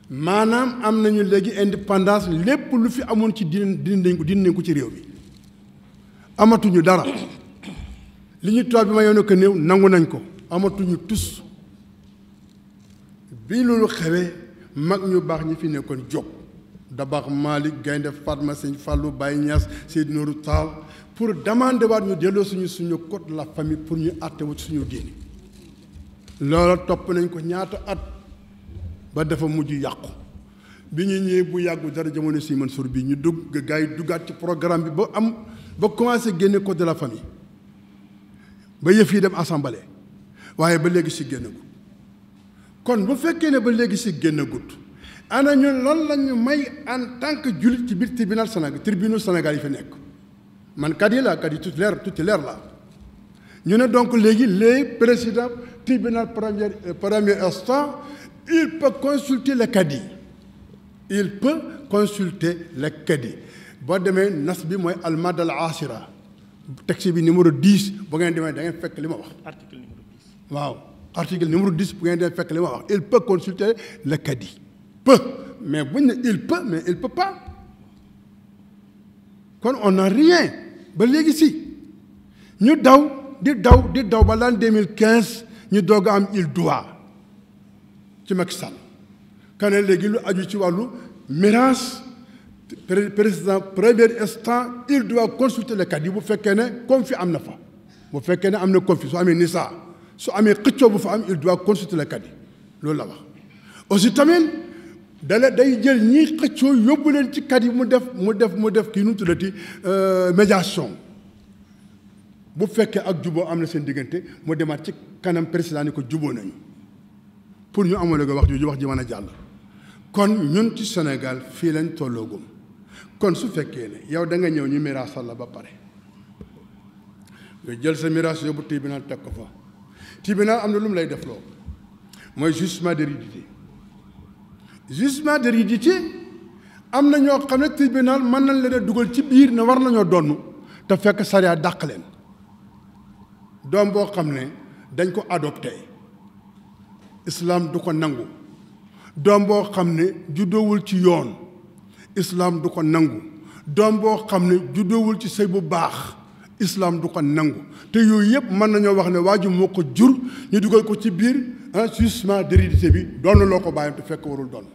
maanaam am nañu léegi indépendance lépp lu fi amoon ci din din ko din ci réew mi amatuñu dara li ñu tubaab bi ma yoon que néew nangu nañ ko amatuñu tus bi loolu xewee mag ñu baax ñu fi nekkoon jóg Dabax Malick Gaynde Fatma Sëñ Fallou Baye Niass Seydou Nourou Tall pour demander waat ñu delloo suñu suñu code la famille pour ñu àtte wu suñu diini loola topp nañ ko ñaata at ba dafa mujj yàqu bi ñu ñëwee bu yàggu dara jamono si Mansour bi ñu dugg gars yi duggaat ci programme bi ba am ba commencé génne code de la famille ba yëf yi dem assemblée waaye ba léegi si génnagut kon bu fekkee ne ba léegi si génn gudd ana ñun loolu la ñu may en tant que jullit ci biir tribunal Sénégal tribunal Sénégal yi fi nekk man cadi la cadi tutélaire tutélaire la ñu ne donc léegi les présidents tribunal premier euh, premier instant il peut consulter le cadi il peut consulter le cadi boo demee nas bi mooy almad al asira texte bi numéro 10 bu ngeen demee da ngeen fekk li ma wax. article numéro 10. waaw article numéro 10 bu ngeen demee fekk li ma wax il peut consulter le cadi. peut mais buñ ne il peut mais il peut pas kon on n'a rien ba léegi si ñu daw di daw di daw ba l'an 2015 ñu doog a am il doit ci Macky Sall kane léegi lu aju ci wàllu miraas président premier instant il doit consulter le cas yi bu fekkee ne conflit am na fa bu fekkee ne am na conflit su amee nisaa su amee xëccoo bu fa am il doit consulter le cas yi loolu la wax aussi tamit dala day jël ñiy xëccoo yóbbu leen ci kat yi mu def mu def mu def kii nu mu tuddati euh, médiation bu fekkee ak juboo am na seen diggante mu demaat ci kanam président ni ko juboo nañu pour ñu amoon léegi wax jooju wax ji mën a jàll. kon ñun ci Sénégal fii lañ tolloogum kon su fekkee ne yow da nga ñëw ñu miraasal la ba pare nga jël sa miraas yóbbu tribunal teg ko fa tribunal am na lu mu lay def loo mooy jugement de jugement d'hérédité am na ñoo xam ne tribunal mën nañ leen a dugal ci biir ne war nañoo donn te fekk sariya dàq leen doom boo xam ne dañ ko adopté islam du ko nangu doom boo xam ne juddoowul ci yoon islam du ko nangu doom boo xam ne juddoowul ci sëy bu baax islaam du ko nangu te yooyu yëpp mën nañoo wax ne waa moo ko jur ñu dugal ko ci biir ah, jugement d'hérédité bi doonu loo ko bàyyam te fekk warul doon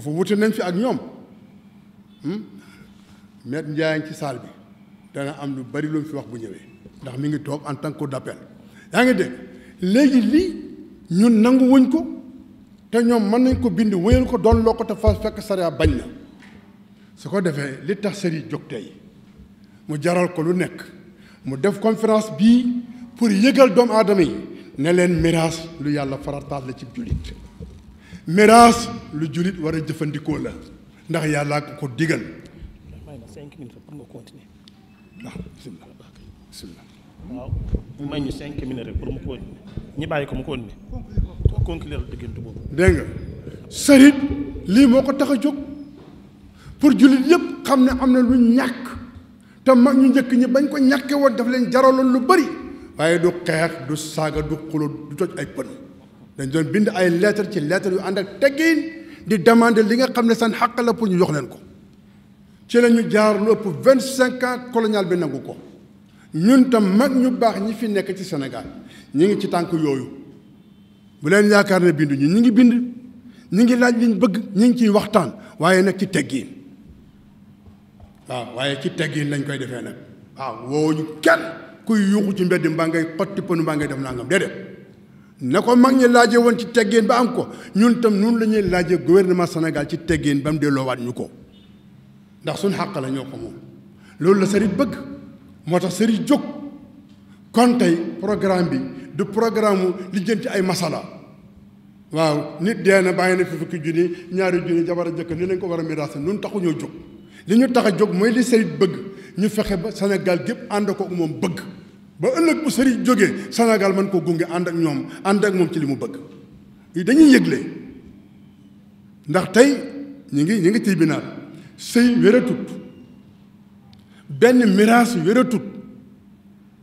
foofu wuti nañ fi ak ñoom hmm? maître Ndiaye ci saal bi dana am lu bari lu fi wax bu ñëwee ndax mi ngi toog en tant que cour d'appel yaa ngi de léegi lii ñun nangu wuñ ko te ñoom mën nañ ko bind wéyal ko doon loo ko te fa fekk sariya bañ na su ko defee li tax sëriñ jóg tey mu jaral ko lu nekk mu def conférence bi pour yëgal doomu aadama yi ne leen miraas lu yàlla farataal la ci jullit miraas lu jullit war a jëfandikoo la ndax yàllaa ko ko digal ah, waaw may ñu cinq minutes pour mu ko bàyyi ko mu ko conclure la diggante boobu dégg nga sëriñ lii moo ko tax a jóg pour jullit yëpp xam ne am na lu ñàkk te mag ñu njëkk ñi bañ ko ñàkkee woon daf leen jaraloon lu bari waaye du xeex du saaga du xulo du toj ay pën dañ doon bind ay lettre ci lettre yu ànd ak teggiin di demander li nga xam ne seen xàq la pour ñu jox leen ko ci la ñu jaar lu ëpp vingt cinq ans bi nangu ko ñun tam mag ñu baax ñi fi nekk ci senegal ñi ngi ci tànk yooyu bu leen yaakaar ne bind ñu ñi ngi bind ñu ngi laaj liñ bëgg ñu ngi ciy waxtaan waaye nag ci teggiin waaw waaye ci teggiin lañ koy defee nag waaw woo ñu kenn kuy yuuxu ci mbedd mbaa ngay xotti pënu mbaa ngay def nangam déedéet na ko mag ñi laaje woon ci teggeen ba am ko ñun tam noonu la ñuy laaje gouvernement Sénégal ci teggeen ba mu delloowaat ñu ko ndax suñu xàq la ñoo ko moom loolu la sëriñ bëgg moo tax sëriñ jóg kon tey programme bi du programme li jëm ay masala waaw nit dee na bàyyi na fi fukki junni ñaari junni jabar a jëkk ni lañ ko war a miraas nun taxuñoo jóg li ñu tax a jóg mooy li sëriñ bëgg ñu fexe ba Sénégal gépp ànd ko moom bëgg ba ëllëg bu sëriñ jógee senegal mën koo gunge ànd ak ñoom ànd ak moom ci li mu bëgg dañuy yëgle ndax tey ñu ngi ñu ngi tribunal sëy wératut benn miraas wératut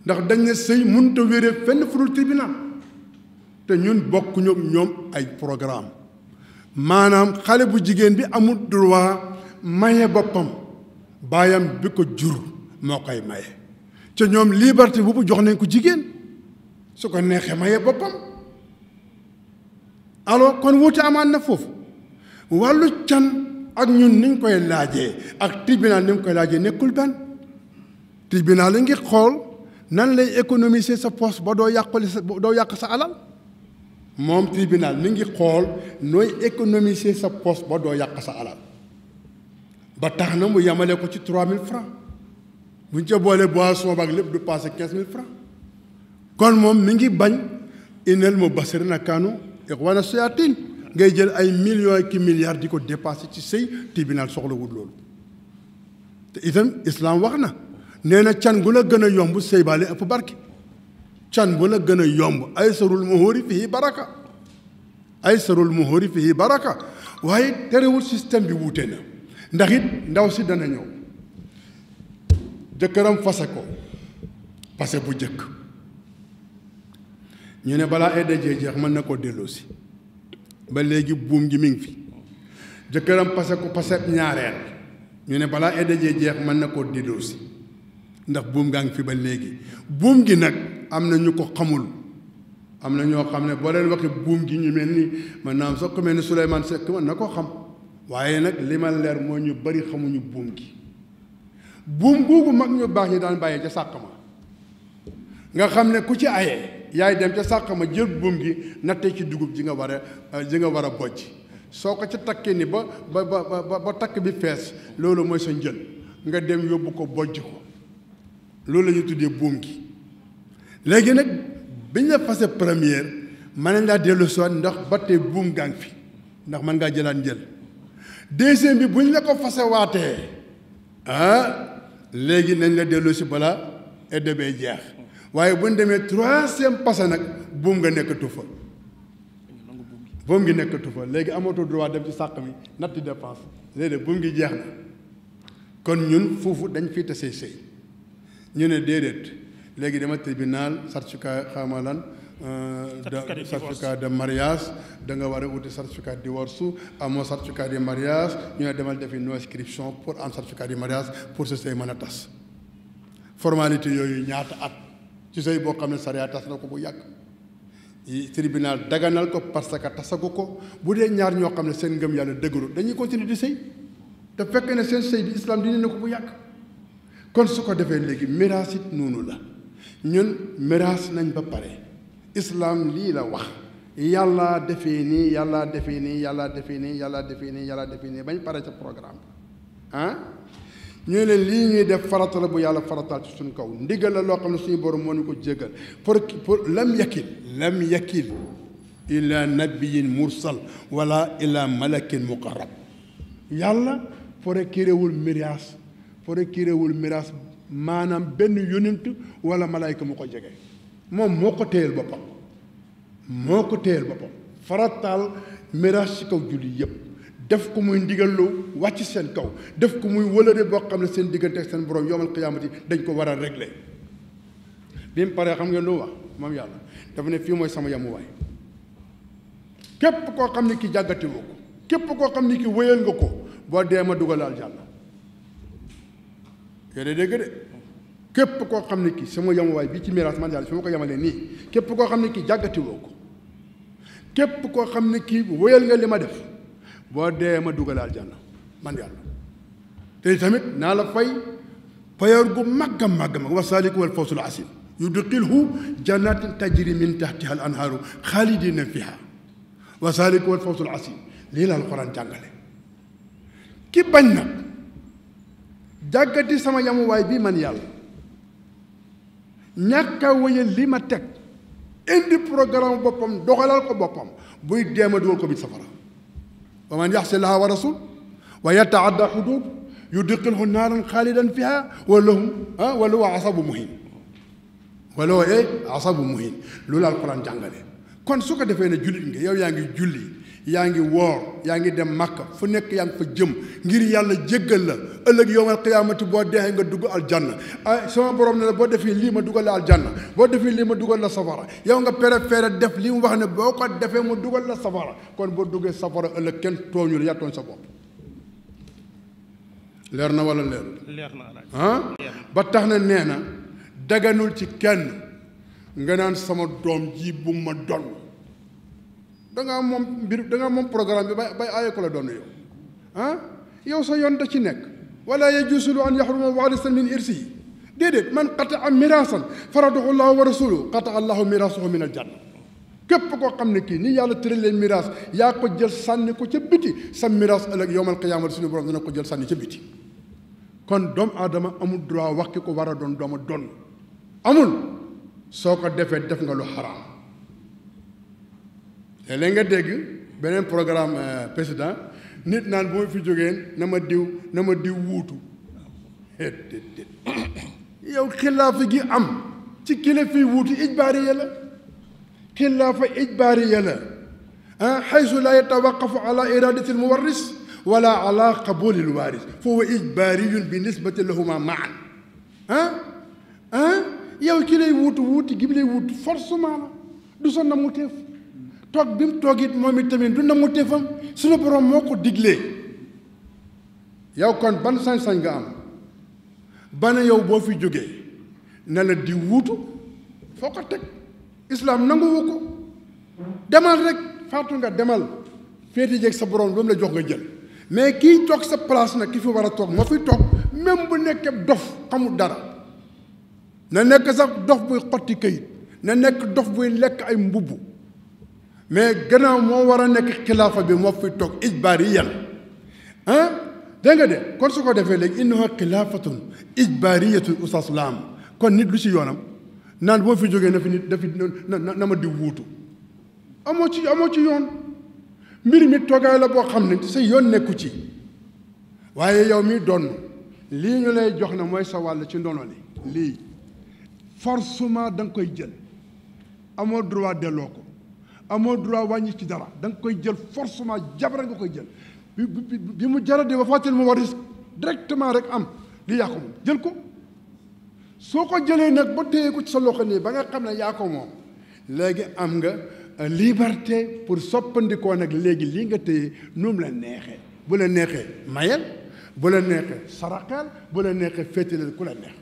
ndax dañ ne sëy mënut a wére fenn fu dul te ñun bokkuñu ñoom ay programme maanaam xale bu jigéen bi amul droit maye boppam baayam bi ko jur moo koy maye ca ñoom liberté boobu jox nañ ko jigéen su ko neexee maye boppam alors kon wuute amaan na foofu wàllu can ak ñun niñ koy laajee ak tribunal ni ñu koy laajee nekkul benn tribunal li ngi xool nan lay économiser sa poste ba doo yàqale sa doo yàq sa alal moom tribunal mi ngi xool nooy économiser sa poste ba doo yàq sa alal ba tax na mu yemale ko ci 3000 francs bu ñu ca boolee boisson lépp du passé quinze mille francs kon moom mi ngi bañ inel mu basari na kaanu ixwaana sayaatin ngay jël ay millions ki milliards di ko dépassé ci sëy tribunal soxlawul loolu te itam islam wax na nee na can gu la gën a yomb sëy baale ëpp barke can bu la gën a yomb ay sarul muhuri fii baraka ay sarul muhuri fii baraka waaye terewul système bi wuute na ndax it ndaw si dana ñëw jëkkëram fase ko fase bu jëkk ñu ne balaa aide jee jeex mën na koo delloosi ba léegi buum gi mi ngi fi jëkkëram fase ko fase ñaareel ñu ne balaa aide jee jeex mën na koo delloosi ndax buum gaa ngi fi ba léegi buum gi nag am na ñu ko xamul am na ñoo xam ne boo leen waxee buum gi ñu mel ni maanaam soo ko mel ni Souleymane Seck mën na koo xam waaye nag li ma leer moo ñu bari xamuñu buum gi buum googu mag ñu baax ñi daan bàyyee ca sàq ma nga xam ne ku ci ayee yaay dem ca sàq ma jël buum gi nattee ci dugub ji nga war a euh, ji nga war a bojj soo ko ca takkee ni ba ba ba ba takk bi fees loolu mooy sa njël nga dem yóbbu ko bojj ko loolu la tuddee buum gi léegi nag biñ la fase première mën nañ laa dellu soit ndax ba tey buum gang fi ndax mën ngaa jëlaat njël deuxième bi bu ñu la ko fasewaatee ah léegi nañ la dellu si balaa edd jeex waaye bu ñu demee troisième passé nag buum nga nekkatu fa buum gi nekkatu fa léegi amatoo droit dem ci sàq mi natti dépense léegi buum gi jeex na kon ñun foofu dañ fi tasee sëy ñu ne déedéet léegi dama tribunal certificat xaamalan Euh, certificat de mariage da nga war a wuti certificat de divorce amoo certificat de mariage ñoo ne demal defi no inscription pour am certificat de mariage pour sa sëy mën a tas formalité yooyu ñaata at ci sëy boo xam ne sariya tas na ko bu yàgg tribunal daganal ko parce que tasagu ko bu dee ñaar ñoo xam ne seen ngëm yàlla dëgëru dañuy continuer di sëy te fekk ne seen sëy bi islam dina ne ko bu yàgg kon su ko defee léegi miraas it noonu la ñun miraas nañ ba pare islaam lii la wax yàlla defee nii yàlla defe nii yàlla defee nii yàlla defee nii yàlla defee nii bañ pare ca programme ah ñu leen lii ñuy def farata bu yàlla farataal ci suñ kaw ndigal la loo xam ne suñu borom moo ñu ko jégal pour lam yakil lam yakil ila nabiyin mursal wala ila malakin muqarrab yàlla procuréwul miraas procuréwul miraas maanaam benn yonent wala malayka mu ko jege moom moo ko téyel boppam moo ko téyel boppam farataal miraas ci kaw julli yëpp def ko muy ndigal lu wàcc seen kaw def ko muy wëlëre boo xam ne seen diggante ak seen borom yomal xiyaamati dañ ko war a régler bi mu paree xam nga lu wax moom yàlla dafa ne fii mooy sama yamuwaay képp koo xam ne ki jàggati woo ko képp koo xam ne ki wéyal nga ko boo dee ma dugal aljànna yéen dégg de képp koo xam ne ki sama yamawaay bi ci miraas man yàlla su ma ko yamalee nii képp koo xam ne kii jàggati woo képp koo xam ne kii wéyal nga li ma def boo dee ma dugal aljanna man yàlla te tamit naa la fay fayoor gu màgg a màgg mag wasaaliku wal fawsul asim yudxilhu jannatin tajri min tahtiha al fiha wasaaliku wal fawsul asim lii la alxuraan jàngale ki sama yamuwaay bi man yàlla ñàkk a wéyal li ma teg indi programme boppam doxalal ko boppam buy a dugal ko biir safara wa man yaxsi laha wa rasul wa yataadda xudud yudiqilhu naaran xaalidan fiha wa lahum wa lahu asabu muhin wa lahu asabu muhin eh, loolu alquran jàngale kon su ko defee ne jullit nga yow yaa ngi julli yaa ngi woor yaa ngi dem màkka fu nekk yaa ngi fa jëm ngir yàlla jéggal la ëllëg yowmal qiyaamati boo deexee nga dugg aljanna ah sama borom ne la boo defee lii ma dugal la aljanna boo defee lii ma dugal la safara yow nga préféré def li mu wax ne boo ko defee mu dugal la safara kon boo duggee safara ëllëg kenn tooñu la yaa sa bopp leer na wala leer ah ba tax na nee na daganul ci kenn nga naan sama doom ji bu ma donn da ngaa moom mbir da ngaa moom programme bi bay bay aaye ko la doon yow ah yow sa yoon da ci nekk wala yajuusu lahu an yaxruma waarisan min irsi yi déedéet man qataa miraasan faradahu llahu wa rasuluhu qataa llahu miraasahu min aljanna képp koo xam ne kii ni yàlla tere leen miraas yaa ko jël sànni ko ca biti sa miraas ëllëg yowmal qiyaamati suñu borom dina ko jël sànni ca biti kon doomu aadama amul droit wax ki ko war a doon dooma doon amul soo ko defee def nga lu te nga dégg beneen programme euh, président nit naan bu ma fi jógeen na ma diw na ma diw wuutu eh, yow xilaafa gi am ci kilifa yi wuutu ijbaariya la xilaafa ijbaariya la ah xaysu laa yatawaqafu ala iradati almuwarris wala ala qabuli alwaris bi nisbati lahuma maan ah? Ah? yow ki lay wuutu wuuti gi lay wuutu forcément du sa namu toog bi mu toog it moom it tamit du nangu téefam suñu borom moo ko diglee yow kon ban sañ-sañ nga am ba yow boo fi jógee ne la di wuutu foo ko teg islaam nanguwu ko demal rek faatu nga demal féete jeeg sa borom ba mu la jox nga jël mais kiy toog sa place nag ki fi war a toog moo fi toog même bu nekkee dof xamul dara na nekk sax dof buy xotti këyit na nekk dof buy lekk ay mbubb mais gannaaw moo war a nekk xilaafa bi moo fi toog ijbaari yan ah danga de kon su ko defee léegi innaha xilaafatun ijbaariyatun oustaz laam kon nit lu si yoonam naan boo fi jógee na fi nit dafi na na ma di wuutu amoo ci amoo ci yoon mi toogaay la boo xam ne sa yoon nekku ci waaye yow mi doon lii ñu lay jox na mooy sa wàll ci ndono li lii forcément da nga koy jël amoo droit delloo ko amoo droit wàññi ci dara danga koy jël forcément jabara nga koy jël bi bi bi mu jara di ba fàttali mu war directement rek am li yaa ko moom jël ko soo ko jëlee nag ba téye ko ci sa loxo nii ba nga xam ne yaa ko moom léegi am nga liberté pour soppandikoo nag léegi lii nga téye nu mu la neexee bu la neexee mayel bu la neexee saraxeel bu la neexee féetaleel ku la neex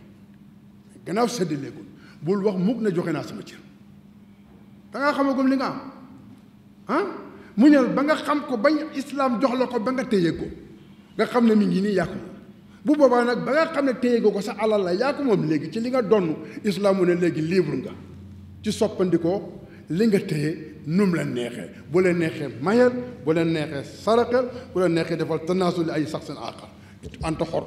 gannaaw séddaleegul bul wax mukk na joxe naa sama cër da xam xamagum li nga ah muñal ba nga xam ko bañ islaam jox la ko ba nga téye ko nga xam ne mi ngi nii yàqu bu boobaa nag ba nga xam ne téye ko sa alal la yaa moom léegi ci li nga donn islaam mu ne léegi libre nga ci soppandikoo li nga téye num la neexee bu la neexee mayal bu la neexee saraxel bu la neexee defal tanaasul ay sax seen àqal anta xor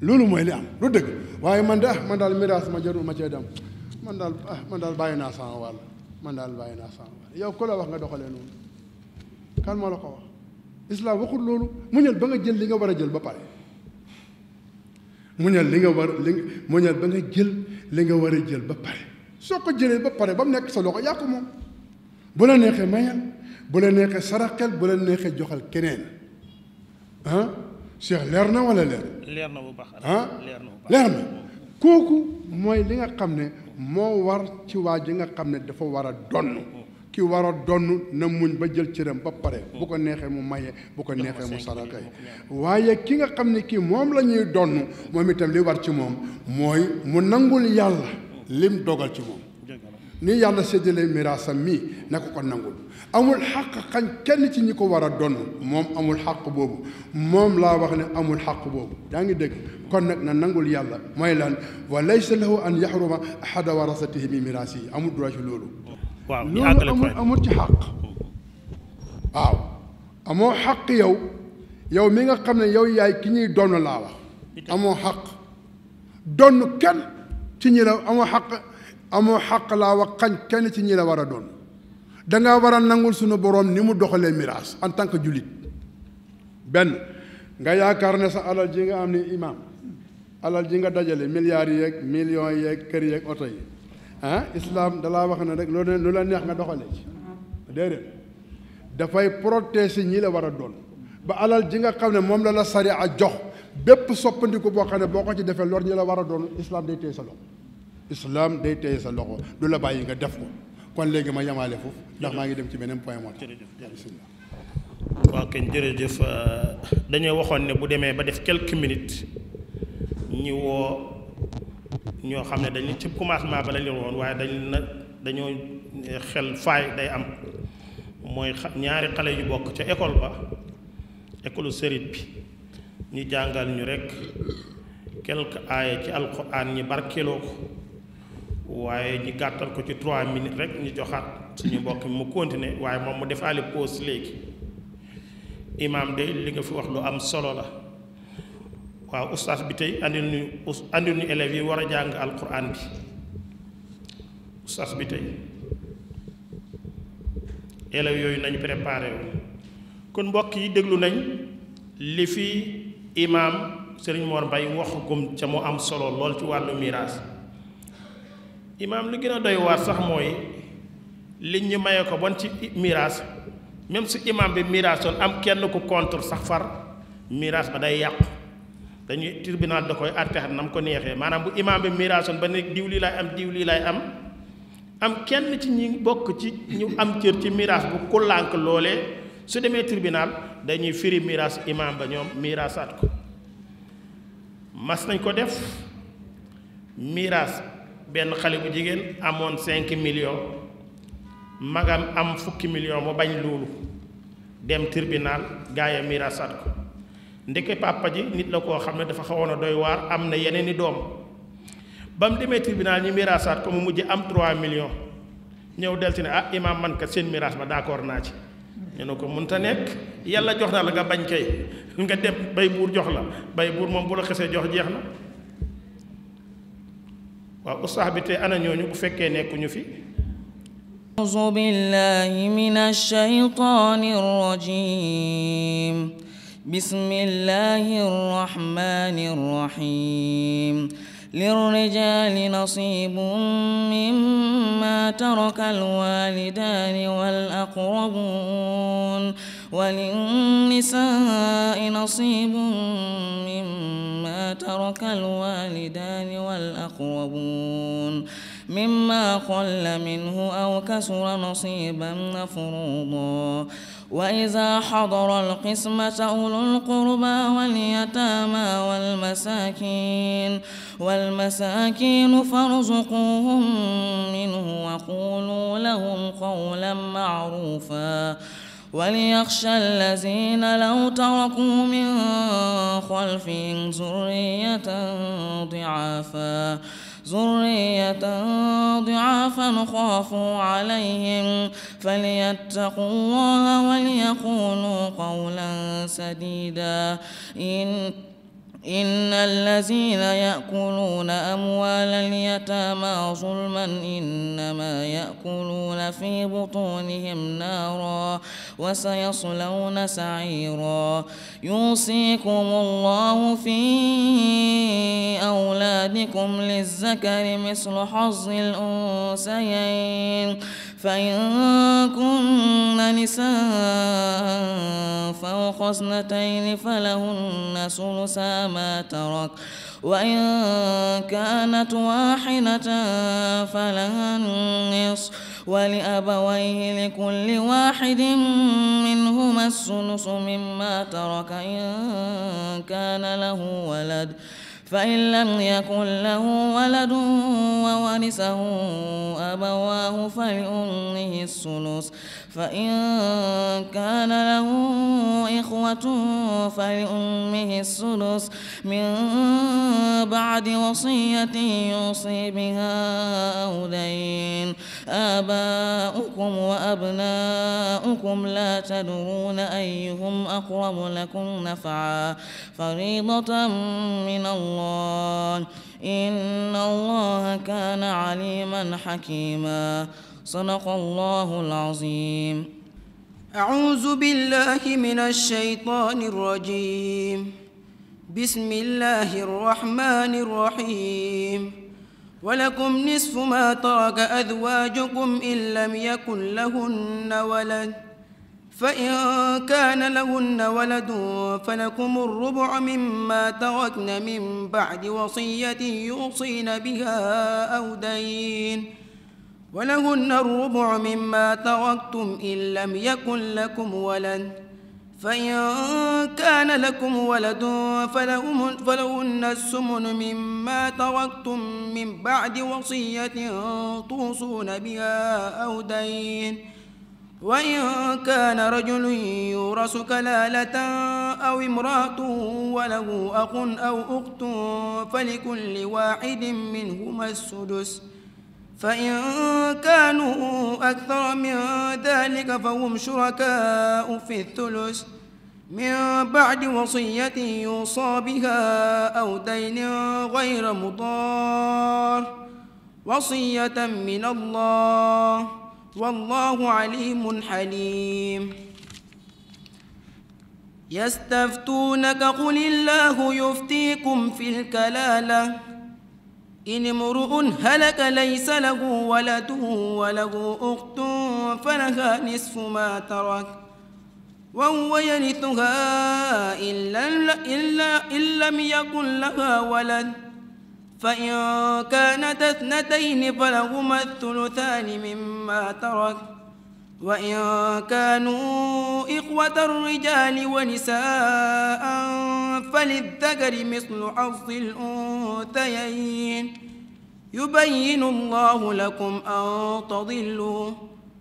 loolu mooy li am lu dëgg waaye man de ah man daal miraas ma jarul ma cee dem man daal ah man daal bàyyi naa sama man daal bàyyi naa sama bari yow ku la wax nga doxalee noonu kan moo la ko wax islam waxut loolu muñal ba jël li nga war a jël ba pare li nga war li muñal ba nga jël li nga war a jël ba pare soo ko jëlee ba pare ba mu nekk sa loxo yaa ko moom bu la neexee mayal bu la neexee saraxel bu la neexee joxal keneen ah Cheikh leer na wala leer. leer na bu baax leer na mooy li nga xam ne. moo war ci waa ji nga xam ne dafa war a donn ki war a donn na muñ ba jël cëram ba pare bu ko neexee mu maye bu ko neexee mu saraxee waaye ki nga xam ni kii moom lañuy donn moom itam li war ci moom mooy mu nangul yàlla lim dogal ci moom ni yàlla séddalee miraasam mi na ko ko nangul amul xaq xañ kenn ci ñi ko war a donn moom amul xaq boobu moom laa wax ne amul xàq boobu daa ngi dégg kon nag na nangul yàlla mooy lan wa laysa lahu an yaxruma ahada warasatihi mi miraasi yi amul droit ci loolu loolu amul amul ci xàq waaw amoo xàq yow yow mi nga xam ne yow yaay ki ñuy donn laa wax amoo xàq donn kenn ci ñi la amoo xàq laa wax xañ kenn ci ñi la war a donn da nga war a nangul suñu boroom ni mu doxalee miraas en tant que jullit benn nga yaakaar ne sa alal ji nga am ni imaam alal ji nga dajale milliards yi yeeg millions yeeg kër yeeg oto yi ah islaam dalaa wax ne rek loolu lu la neex nga doxalee ci déedéet dafay protéger ñii la war a doon ba alal ji nga xam ne moom la la sariya jox bépp soppandiku boo xam ne boo ko ci defee lor ñi la war a doon islaam day téye sa loxo islaam day téye sa loxo du la bàyyi nga def ko kon léegi ma yemaale foofu ndax maa ngi dem ci beneen point moo tax bisimilah waaw kenn jërëjëf euh, dañoo waxoon ne bu demee ba def quelques minutes ñi woo ñoo xam ne dañu ci commencement ba lañ leen woon waaye dañ na dañoo eh, xel faay day am mooy ñaari xale yu bokk ca école ba école sëriñ bi ñu jàngal ñu rekk quelque aaya ci alquran ñi barkeeloo ko waaye ñu gàttal ko ci trois minutes rek ñu joxaat suñu mbokk mu continuer waaye moom mu defaale pause léegi imaam de li nga fi wax lu am solo la waaw ustaas bi tey andil ñu andil ñu war a jàng alquran bi ustaas bi tey élèves yooyu nañu préparé wu kon mbokk yi déglu nañ li fi imaam Serigne Mor Mbaye wax gum ca mu am solo lool ci wàllu miraas imaam lu gën a doy waar sax mooy liñ ñu maye ko bon ci miraas même su imaam bi miraasoon am kenn ku contre sax far miraas ba day yàqu dañuy tribunal da koy àtteexat na mu ko neexee maanaam bu imaam bi miraasoon ba ne diw laay am diw laay am am kenn ci ñi bokk ci ñu am cër ci miraas bu ku lànk loolee su demee tribunal dañuy firi miraas imaam ba ñoom miraasaat ko mas nañ ko def miraas benn xale bu jigéen amoon cinq million magam am fukki million mu bañ loolu dem tribunal gaaya mirasat ko ndeke papa ji nit la koo xam ne dafa xawoon a doy waar am na yeneen i doom ba mu demee tribunal ñu mirasat ko mu mujj am trois million ñëw delsi ne ah imaam man kat seen miraas ba d'accord naa ci ñu ne ko mënta nekk yàlla jox na la nga bañ kay nga dem bay buur jox la bay buur moom bu la xesee jox jeex na waaw ustaas bi tey ana ñooñu bu fekkee nekkuñu fi أعوذ بالله من الشيطان الرجيم بسم الله الرحمن الرحيم للرجال نصيب مما ترك الوالدان والأقربون وللنساء نصيب مما ترك الوالدان والأقربون مما قل منه أو كسر نصيبا مفروضا وإذا حضر القسمة أولو القربى واليتامى والمساكين والمساكين فارزقوهم منه وقولوا لهم قولا معروفا وليخشى الذين لو تركوا من خلفهم ذرية ضعافا ذرية ضعافا خافوا عليهم فليتقوا الله وليقولوا قولا سديدا إن إن الذين يأكلون أموال اليتامى ظلما إنما يأكلون في بطونهم نارا وسيصلون سعيرا يوصيكم الله في أولادكم للذكر مثل حظ الأنثيين فإن كن نساء فوق اثنتين فلهن ثلثا ما ترك وإن كانت واحدة فلها النصف ولأبويه لكل واحد منهما الثلث مما ترك إن كان له ولد ۖ فإن لم يكن له ولد وورثه أبواه فلأمه الثلث فإن كان له إخوة فلأمه السدس من بعد وصية يوصي بها أو دين آباؤكم وأبناؤكم لا تدرون أيهم أقرب لكم نفعا فريضة من الله إن الله كان عليما حكيما صدق الله العظيم أعوذ بالله من الشيطان الرجيم بسم الله الرحمن الرحيم ولكم نصف ما ترك أزواجكم إن لم يكن لهن ولد فإن كان لهن ولد فلكم الربع مما تركن من بعد وصية يوصين بها أو دين ولهن الربع مما تركتم إن لم يكن لكم ولد فإن كان لكم ولد فلهن السمن مما تركتم من بعد وصية توصون بها أو دين وإن كان رجل يورث كلالة أو امرأة وله أخ أو أخت فلكل واحد منهما السدس ۖ فإن كانوا أكثر من ذلك فهم شركاء في الثلث من بعد وصية يوصى بها أو دين غير مضار وصية من الله والله عليم حليم يستفتونك قل الله يفتيكم في الكلاله إن امرؤ هلك ليس له ولد وله أخت فلها نصف ما ترك وهو يرثها إلا إلا إن لم يكن لها ولد فإن كانت اثنتين فلهما الثلثان مما ترك وإن كانوا إخوة رجال ونساء فللذكر مثل حظ الأنثيين يبين الله لكم أن تضلوا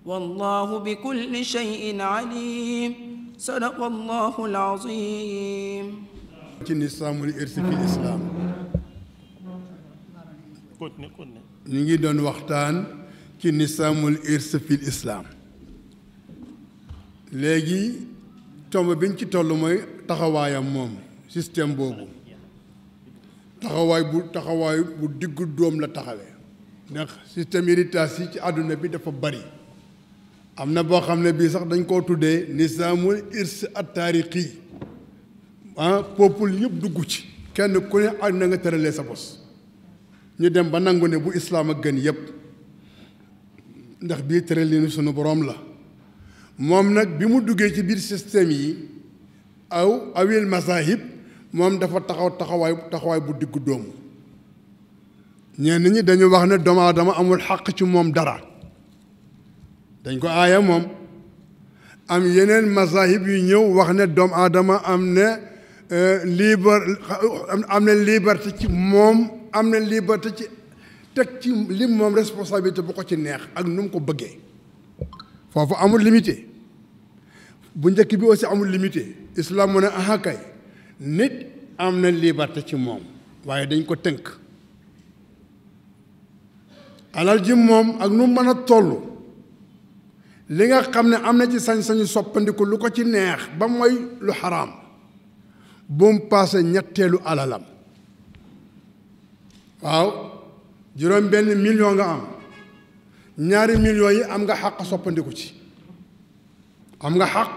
والله بكل شيء عليم صدق الله العظيم الإسلام والإرث في الإسلام ñu ngi doon waxtaan ci nisaamul irs fil islaam léegi tomb biñ ci toll mooy taxawaayam moom système boobu taxawaay bu taxawaay bu diggu doom la taxawee ndax système héritage ci àdduna bi dafa bari am na boo xam ne bii sax dañ koo tuddee nisaamul irs at taarixi ah peuple yépp dugg ci kenn ku ne àdduna nga tëralee sa bos ñu dem ba nangu ne bu islaam a gën yépp ndax bii tëralinu sunu boroom la moom nag bi mu duggee ci biir système yi aw awil mazahib moom dafa taxaw taxawaay taxawaay bu diggu doomu ñenn ñi dañu wax ne doomu aadama amul xaq ci moom dara dañ ko aaya moom am yeneen mazahib yu ñëw wax ne doomu aadama am na euh, liber am na liberté ci moom am na liberté ci teg ci lim moom responsabilité bu ko ci neex ak nu mu ko bëggee foofu amul limité bu njëkk bi aussi amul limité islam mu a aha kay nit am na liberté ci moom waaye dañ ko tënk alal ji moom ak nu mën a tollu li nga xam ne am na ci sañ-sañu soppandiku lu ko ci neex ba mooy lu xaraam bu mu paase ñetteelu alalam waaw juróom benn million nga am ñaari millions yi am nga xàq soppandiku ci am nga xàq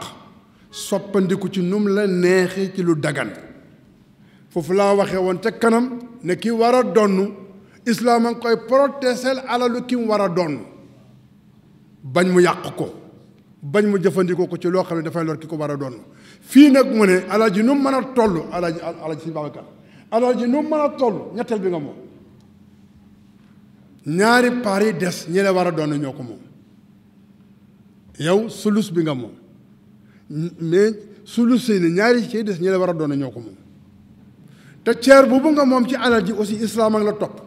soppandiku ci num la neexee ci lu dagan foofu laa waxee woon ca kanam ne ki war a donn islaam a ngi koy protesel alalu ki mu war a donn bañ mu yàq ko bañ mu jëfandikoo ko ci loo xam ne dafay lor ki ko war a donn fii nag mu ne alal ji nu mën a toll alal ji alal ji si Babacar alal ji nu mën a toll ñetteel bi nga moom ñaari paar yi des ñi la war a doon ñoo ko moom yow sulus bi nga moom mais sulus yi ne ñaari ci des ñi la war a doon ñoo ko moom te ceer boobu nga moom ci alal ji aussi islaam ak la topp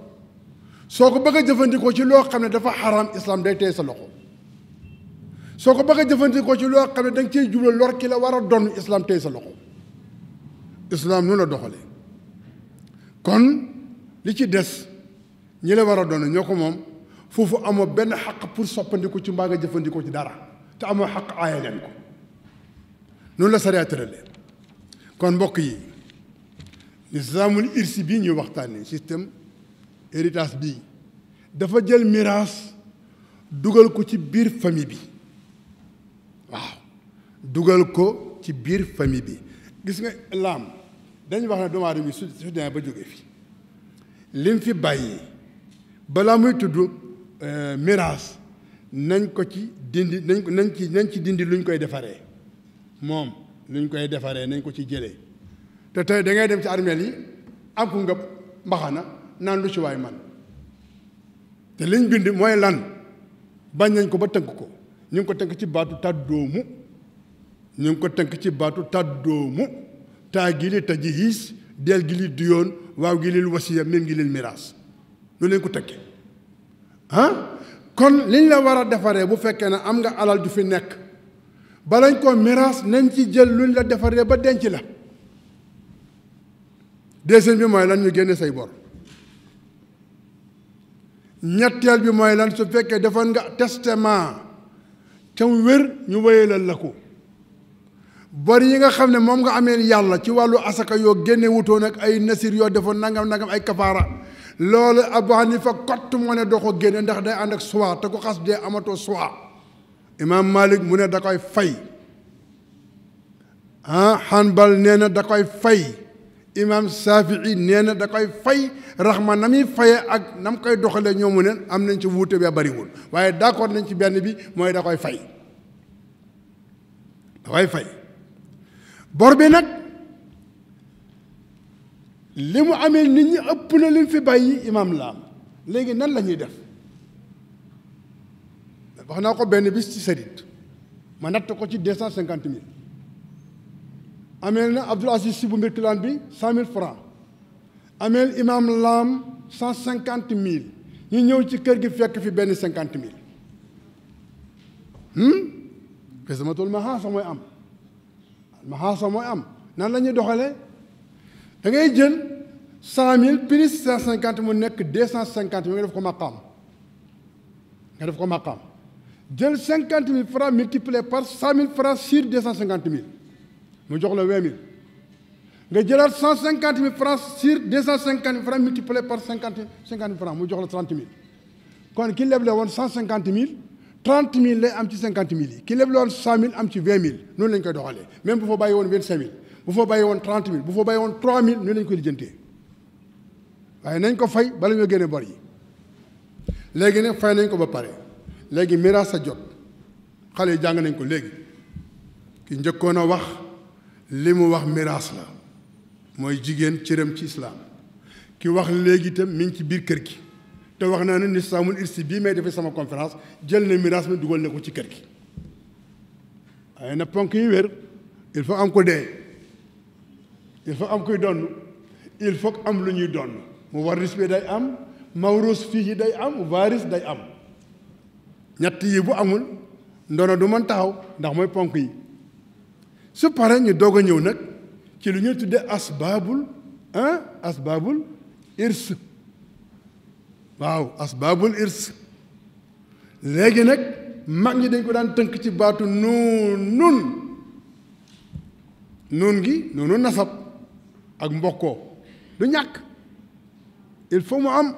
soo ko bëgg a jëfandikoo ci loo xam ne dafa xaram islaam day sa loxo soo ko bëgg jëfandikoo ci loo xam ne da nga ciy jublu lor ki la war a doon islaam tey sa loxo islaam noonu la doxale kon li ci des ñi la war a doon ñoo ko moom foofu amoo benn xaq pour soppandiku ci mbaa nga jëfandikoo ci dara te amoo xaq aaye leen ko noonu la sariya tëralee kon mbokk yi nizaamul irsi bii ñuy waxtaanee système héritage bi dafa jël miraas dugal ko ci biir famille bi waaw dugal ko ci biir famille bi gis nga laam dañu wax na doomu aadama yi su su ba jógee fi lim fi bàyyi balaa muy tudd euh, miraas nañ ko ci dindi nañ ko nañ ci nañ ci dindi luñ koy defaree moom luñ koy defaree nañ ko ci jëlee te tey dangay dem ci armeel yi am ku ngëb mbaxana naan lu ci waay man te liñ bind mooy lan bañ nañ ko ba tënk ko ñu ngi ko tënk ci baatu tàddoomu ñu ngi ko tënk ci baatu tàddoomu taa gi li taji hiis del gi li duyoon waaw gi lil wasiya mim gi lil miraas lu ko tëkke ah kon liñ la war a defaree bu fekkee ne am nga alal ju fi nekk balañ ko miraas nañ ci jël luñ la defaree ba denc la deuxième bi mooy lañ ñu génne say bor ñetteel bi mooy lan su fekkee defoon nga testament ca mu wér ñu wéyalal la ko bor yi nga xam ne moom nga amee yàlla ci wàllu asaka yoo génne wutoo nag ay nasir yoo defoon nangam nangam ay kafaara loolu Abu Hanifa kott moo ne doo ko génne ndax day ànd ak suwaa te ku xas dee amatoo suwaa imaam Malik mu ne da koy fay ah Hanbal nee na da koy fay imaam Safii nee na da koy fay raxma na muy faye ak na mu koy doxalee mu neen am nañ ci wuute bi bariwul waaye d'accord nañ ci benn bi mooy da koy fay da koy fay bor bi nag li mu amee nit ñi ëpp na lim fi bàyyi imam la am léegi nan la ñuy def wax naa ko benn bis ci sëriñ ma natt ko ci deux cent cinquante ameel na Abdoul Aziz si mbir kilaan bi cent mille francs ameel imaam laam cent cinquante mille ñu ñëw ci kër gi fekk fi benn cinquante mille hmm? xisamatul maxaasa mooy am maxaasa mooy am nan lañuy ñuy doxale da ngay jël cent mille plus cent cinquante mu nekk deux cent cinquante mille nga def ko maqaam nga def ko maqaam jël cinquante mille francs multiplié par cent mille francs sur deux cent cinquante mille mu jox la vingt mille nga jëlaat cent cinquante mille francs sur deux cent cinquante mille francs multiplié par cinquante cinquante mille francs mu jox la trente mille kon ki leble woon cent cinquante mille trente mille lay am ci cinquante mille yi ki leble woon cent mille am ci vingt mille noonu lañ koy doxalee même bu fa bàyyi woon vingt cinq mille bu fa bàyyi woon trente mille bu fa bàyyi woon trois mille ñu lañ ko lijjantee waaye nañ ko fay bala ñoo génne bor yi léegi nag fay nañ ko ba pare léegi miraas sa jot xale yi jàng nañ ko léegi ki njëkkoon a wax li wax miraas la mooy jigéen cëram ci islaam ki wax léegi tam mi ci biir kër gi te wax naa ne nisaamul si bii may defee sama conférence jël na miraas mi dugal na ko ci kër gi waaye na ponk yi wér il faut am ko dee il faut am kuy donn il faut am lu ñuy donn mu waris bi day am mawrus fii day am waaris day am ñett yi bu amul ndono du man taxaw ndax mooy ponk yi su paree ñu doog a ñëw nag ci lu ñuy tuddee asbaabul ah asbaabul irs waaw asbaabul irs léegi nag mag ñi dañ ko daan tënk ci baatu nuun nun nuun gi nuunu nasab ak mbokkoo lu ñàkk il faut mu am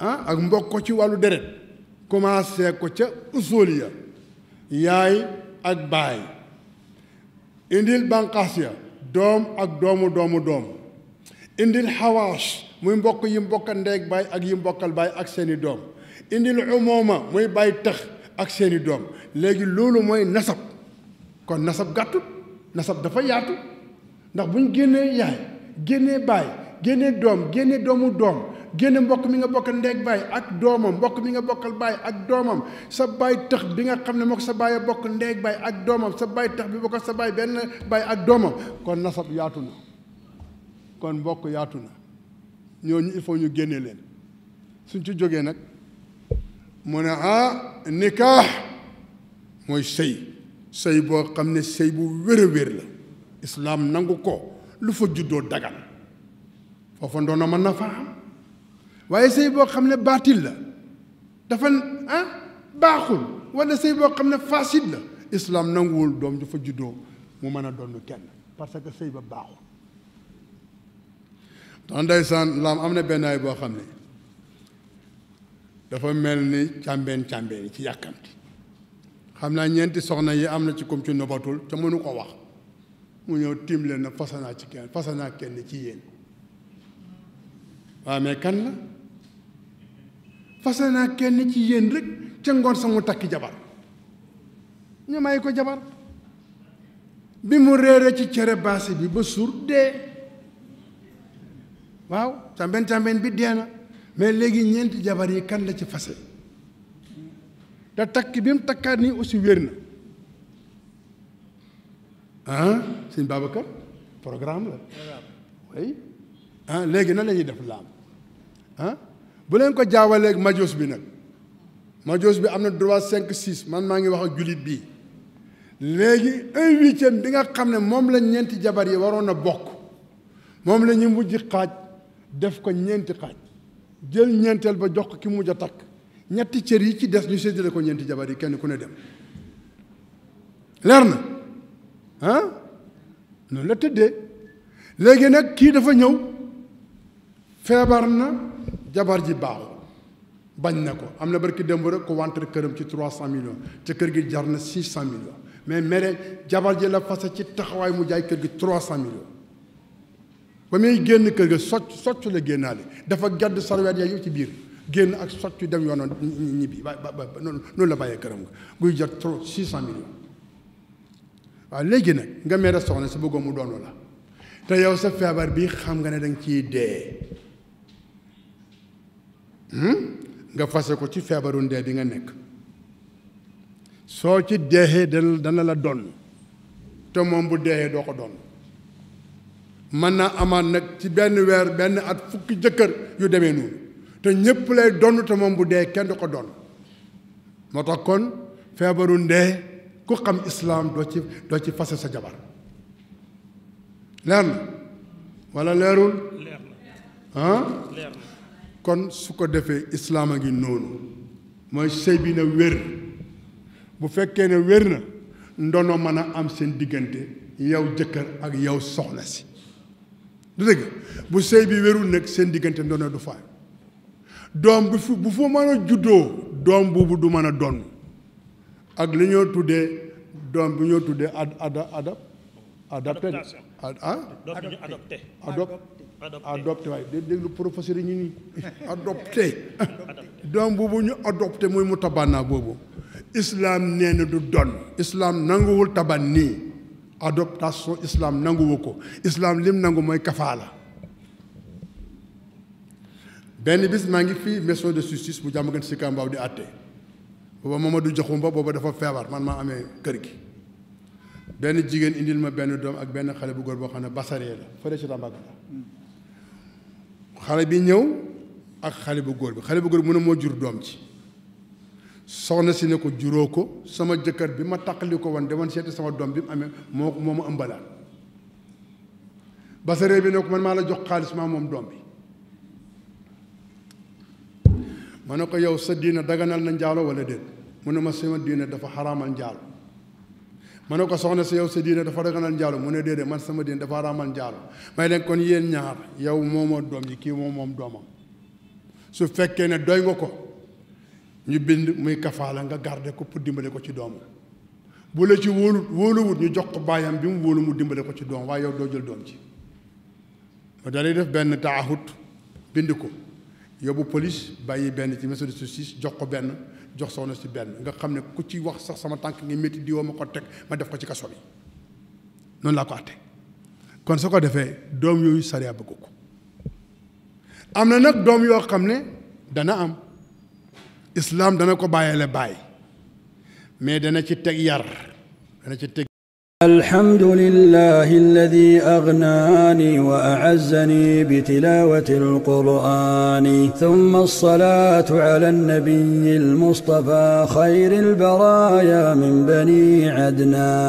ak mbokko ci wàllu deret commencé ko ca usul ya yaay ak baay indil bànqaas ya doom ak doomu doomu doom indil xawaas muy mbokk yi mbokkal ndeeg baay ak yi mbokkal baay ak seeni doom indil umooma muy baay tex ak seeni doom léegi loolu mooy nasab kon nasab gàttut nasab dafa yaatu ndax bu ñu génnee yaay génnee baay génnee doom génnee doomu doom génne mbokk mi nga bokk ndeeg baay ak doomam mbokk mi nga bokkal baay ak doomam sa baay tax bi nga xam ne moo ko sa baay bokk ndeeg baay ak doomam sa baay tax bi bokk sa baay benn baay ak doomam kon nasab yaatu na kon mbokk yaatu na ñooñu il faut ñu génnee leen suñ ci jógee nag mu ne ah nikaax mooy sëy sëy boo xam ne sëy bu wér a la islaam nangu ko lu fa juddoo dagan foofa ndono mën na fa am waaye sëy boo xam ne baatil la dafa ah baaxul wala sëy boo xam ne fasid la islaam nanguwul doom ju fa juddoo mu mën a doon kenn parce que sëy ba baaxul tax ndeysaan laam am na bennaay boo xam ne dafa mel ni càmbeen càmbeen ci yàkkamti xam naa ñeenti soxna yi am na ci comme ci nobatul te mënu ko wax mu ñëw tiim leen na fasa naa ci kenn fasa naa kenn ci yéen waaw mais kan la fasa naa kenn ci yéen rek ca ngoon sa mu takki jabar ñu may ko jabar bi mu réere ci cere baasi bi ba suur dee waaw càmben càmben bi dee na mais léegi ñeenti jabar yi kan la ci fase te takk bi mu takkaat nii aussi wér na ah sëñ Babacar programme la léegi na la ñuy def laam ah bu leen ko jaawaleeg majoos bi nag majoos bi am na droit cinq six man maa ngi wax ak jullit bii léegi un bi nga xam ne moom la ñeenti jabar yi waroon na bokk moom la ñu mujj xaaj def ko ñeenti xaaj jël ñeenteel ba jox ko ki mujj a takk ñetti cër yi ci des ñu séddale ko ñeenti jabar yi kenn ku ne dem leer na ah noonu la tëddee léegi nag kii dafa ñëw feebar na jabar ji baax bañ na ko am na barki démb rek ko wantre këram ci trois cent millions te kër gi jar na six cent millions mais mere jabar ji la fase ci taxawaay mu jaay kër gi trois cent millions ba muy génn kër ga socc socc la génnaa li dafa gàdd sarweet ya yow ci biir génn ak socc dem yoonoon ñibbi ba ba noonu la bàyyee këram nga guy jar trop six cent millions waa léegi nag nga mere soxna si bëggoo mu doonu la te yow sa feebar bi xam nga ne danga ciy dee hmm? nga fase ko ci feebaru ndee bi nga nekk soo ci deexee dana dana la donn te moom bu deexee doo ko donn mën naa amaat nag ci benn weer benn at fukki jëkkër yu demee noonu te ñépp lay donn te moom bu dee kenn du ko donn moo tax kon feebaru ndee ku xam islaam doo ci doo fase sa jabar leer na walla leerul kon su ko defee islaam a ngi noonu mooy sëy bi na wér bu fekkee ne wér na ndono mën a am seen diggante yow jëkkër ak yow soxna si du dëgg bu sëy bi wérul nag seen diggante ndono du faay doom bu fu bu fu mën a juddoo doom boobu du mën a donn ak li ñoo tuddee doom bu ñoo tuddee ad ada adap adapté ah adopté adopté waaye day déglu professeur yi ñu ni adopté doom boobu ñu adopté muy mu tabanna boobu islam nee na du don islam nanguwul taban nii adoptation islam nanguwu ko islaam lim nangu mooy kafaala benn bis maa ngi fii maison de justice bu jàmm gën si Kambaaw di àtte booba Mamadou Jaxumba booba dafa feebar man maa amee kër gi benn jigéen indil ma benn doom ak benn xale bu góor boo xam ne basaree la fële ci Tambacounda xale bi ñëw ak xale bu góor bi xale bu góor bi mu moo jur doom ji soxna si ne ko juróo ko sama jëkkër bi ma taqali ko woon demoon seeti sama doom bi mu amee moo moo ma ëmbalaan basaree bi ne ko man maa la jox xaalis maa moom doom bi ma ne ko yow sa diina daganal na njaalo wala déet mu na ma sama diine dafa xaraamal njaalo ma ne ko soxna si yow sa dafa daganal njaalo mu ne déedéet man sama diine dafa xaraamal njaalo may leen kon yéen ñaar yow moomoo doom yi kii moom moom doomam su fekkee ne doy nga ko ñu bind muy kafaala nga garde ko pour dimbale ko ci doom bu la ci wóolu wóoluwut ñu jox ko baayam bi mu wóolu mu dimbale ko ci doom waaye yow doo jël doom ci ma def benn taahut bind ko yóbbu police bàyyi benn ci maison de justice jox ko benn jox soxna si benn nga xam ne ku ci wax sax sama tànk ngi métti diwoo ma ko teg ma def ko ci kaso bi noonu laa ko àtte kon su ko defee doom yooyu sariya bëgg ko am na nag doom yoo xam ne dana am islaam dana ko bàyyele bàyyi mais dana ci teg yar dana ci teg الحمد لله الذي أغناني وأعزني بتلاوة القرآن ثم الصلاة على النبي المصطفى خير البرايا من بني عدنان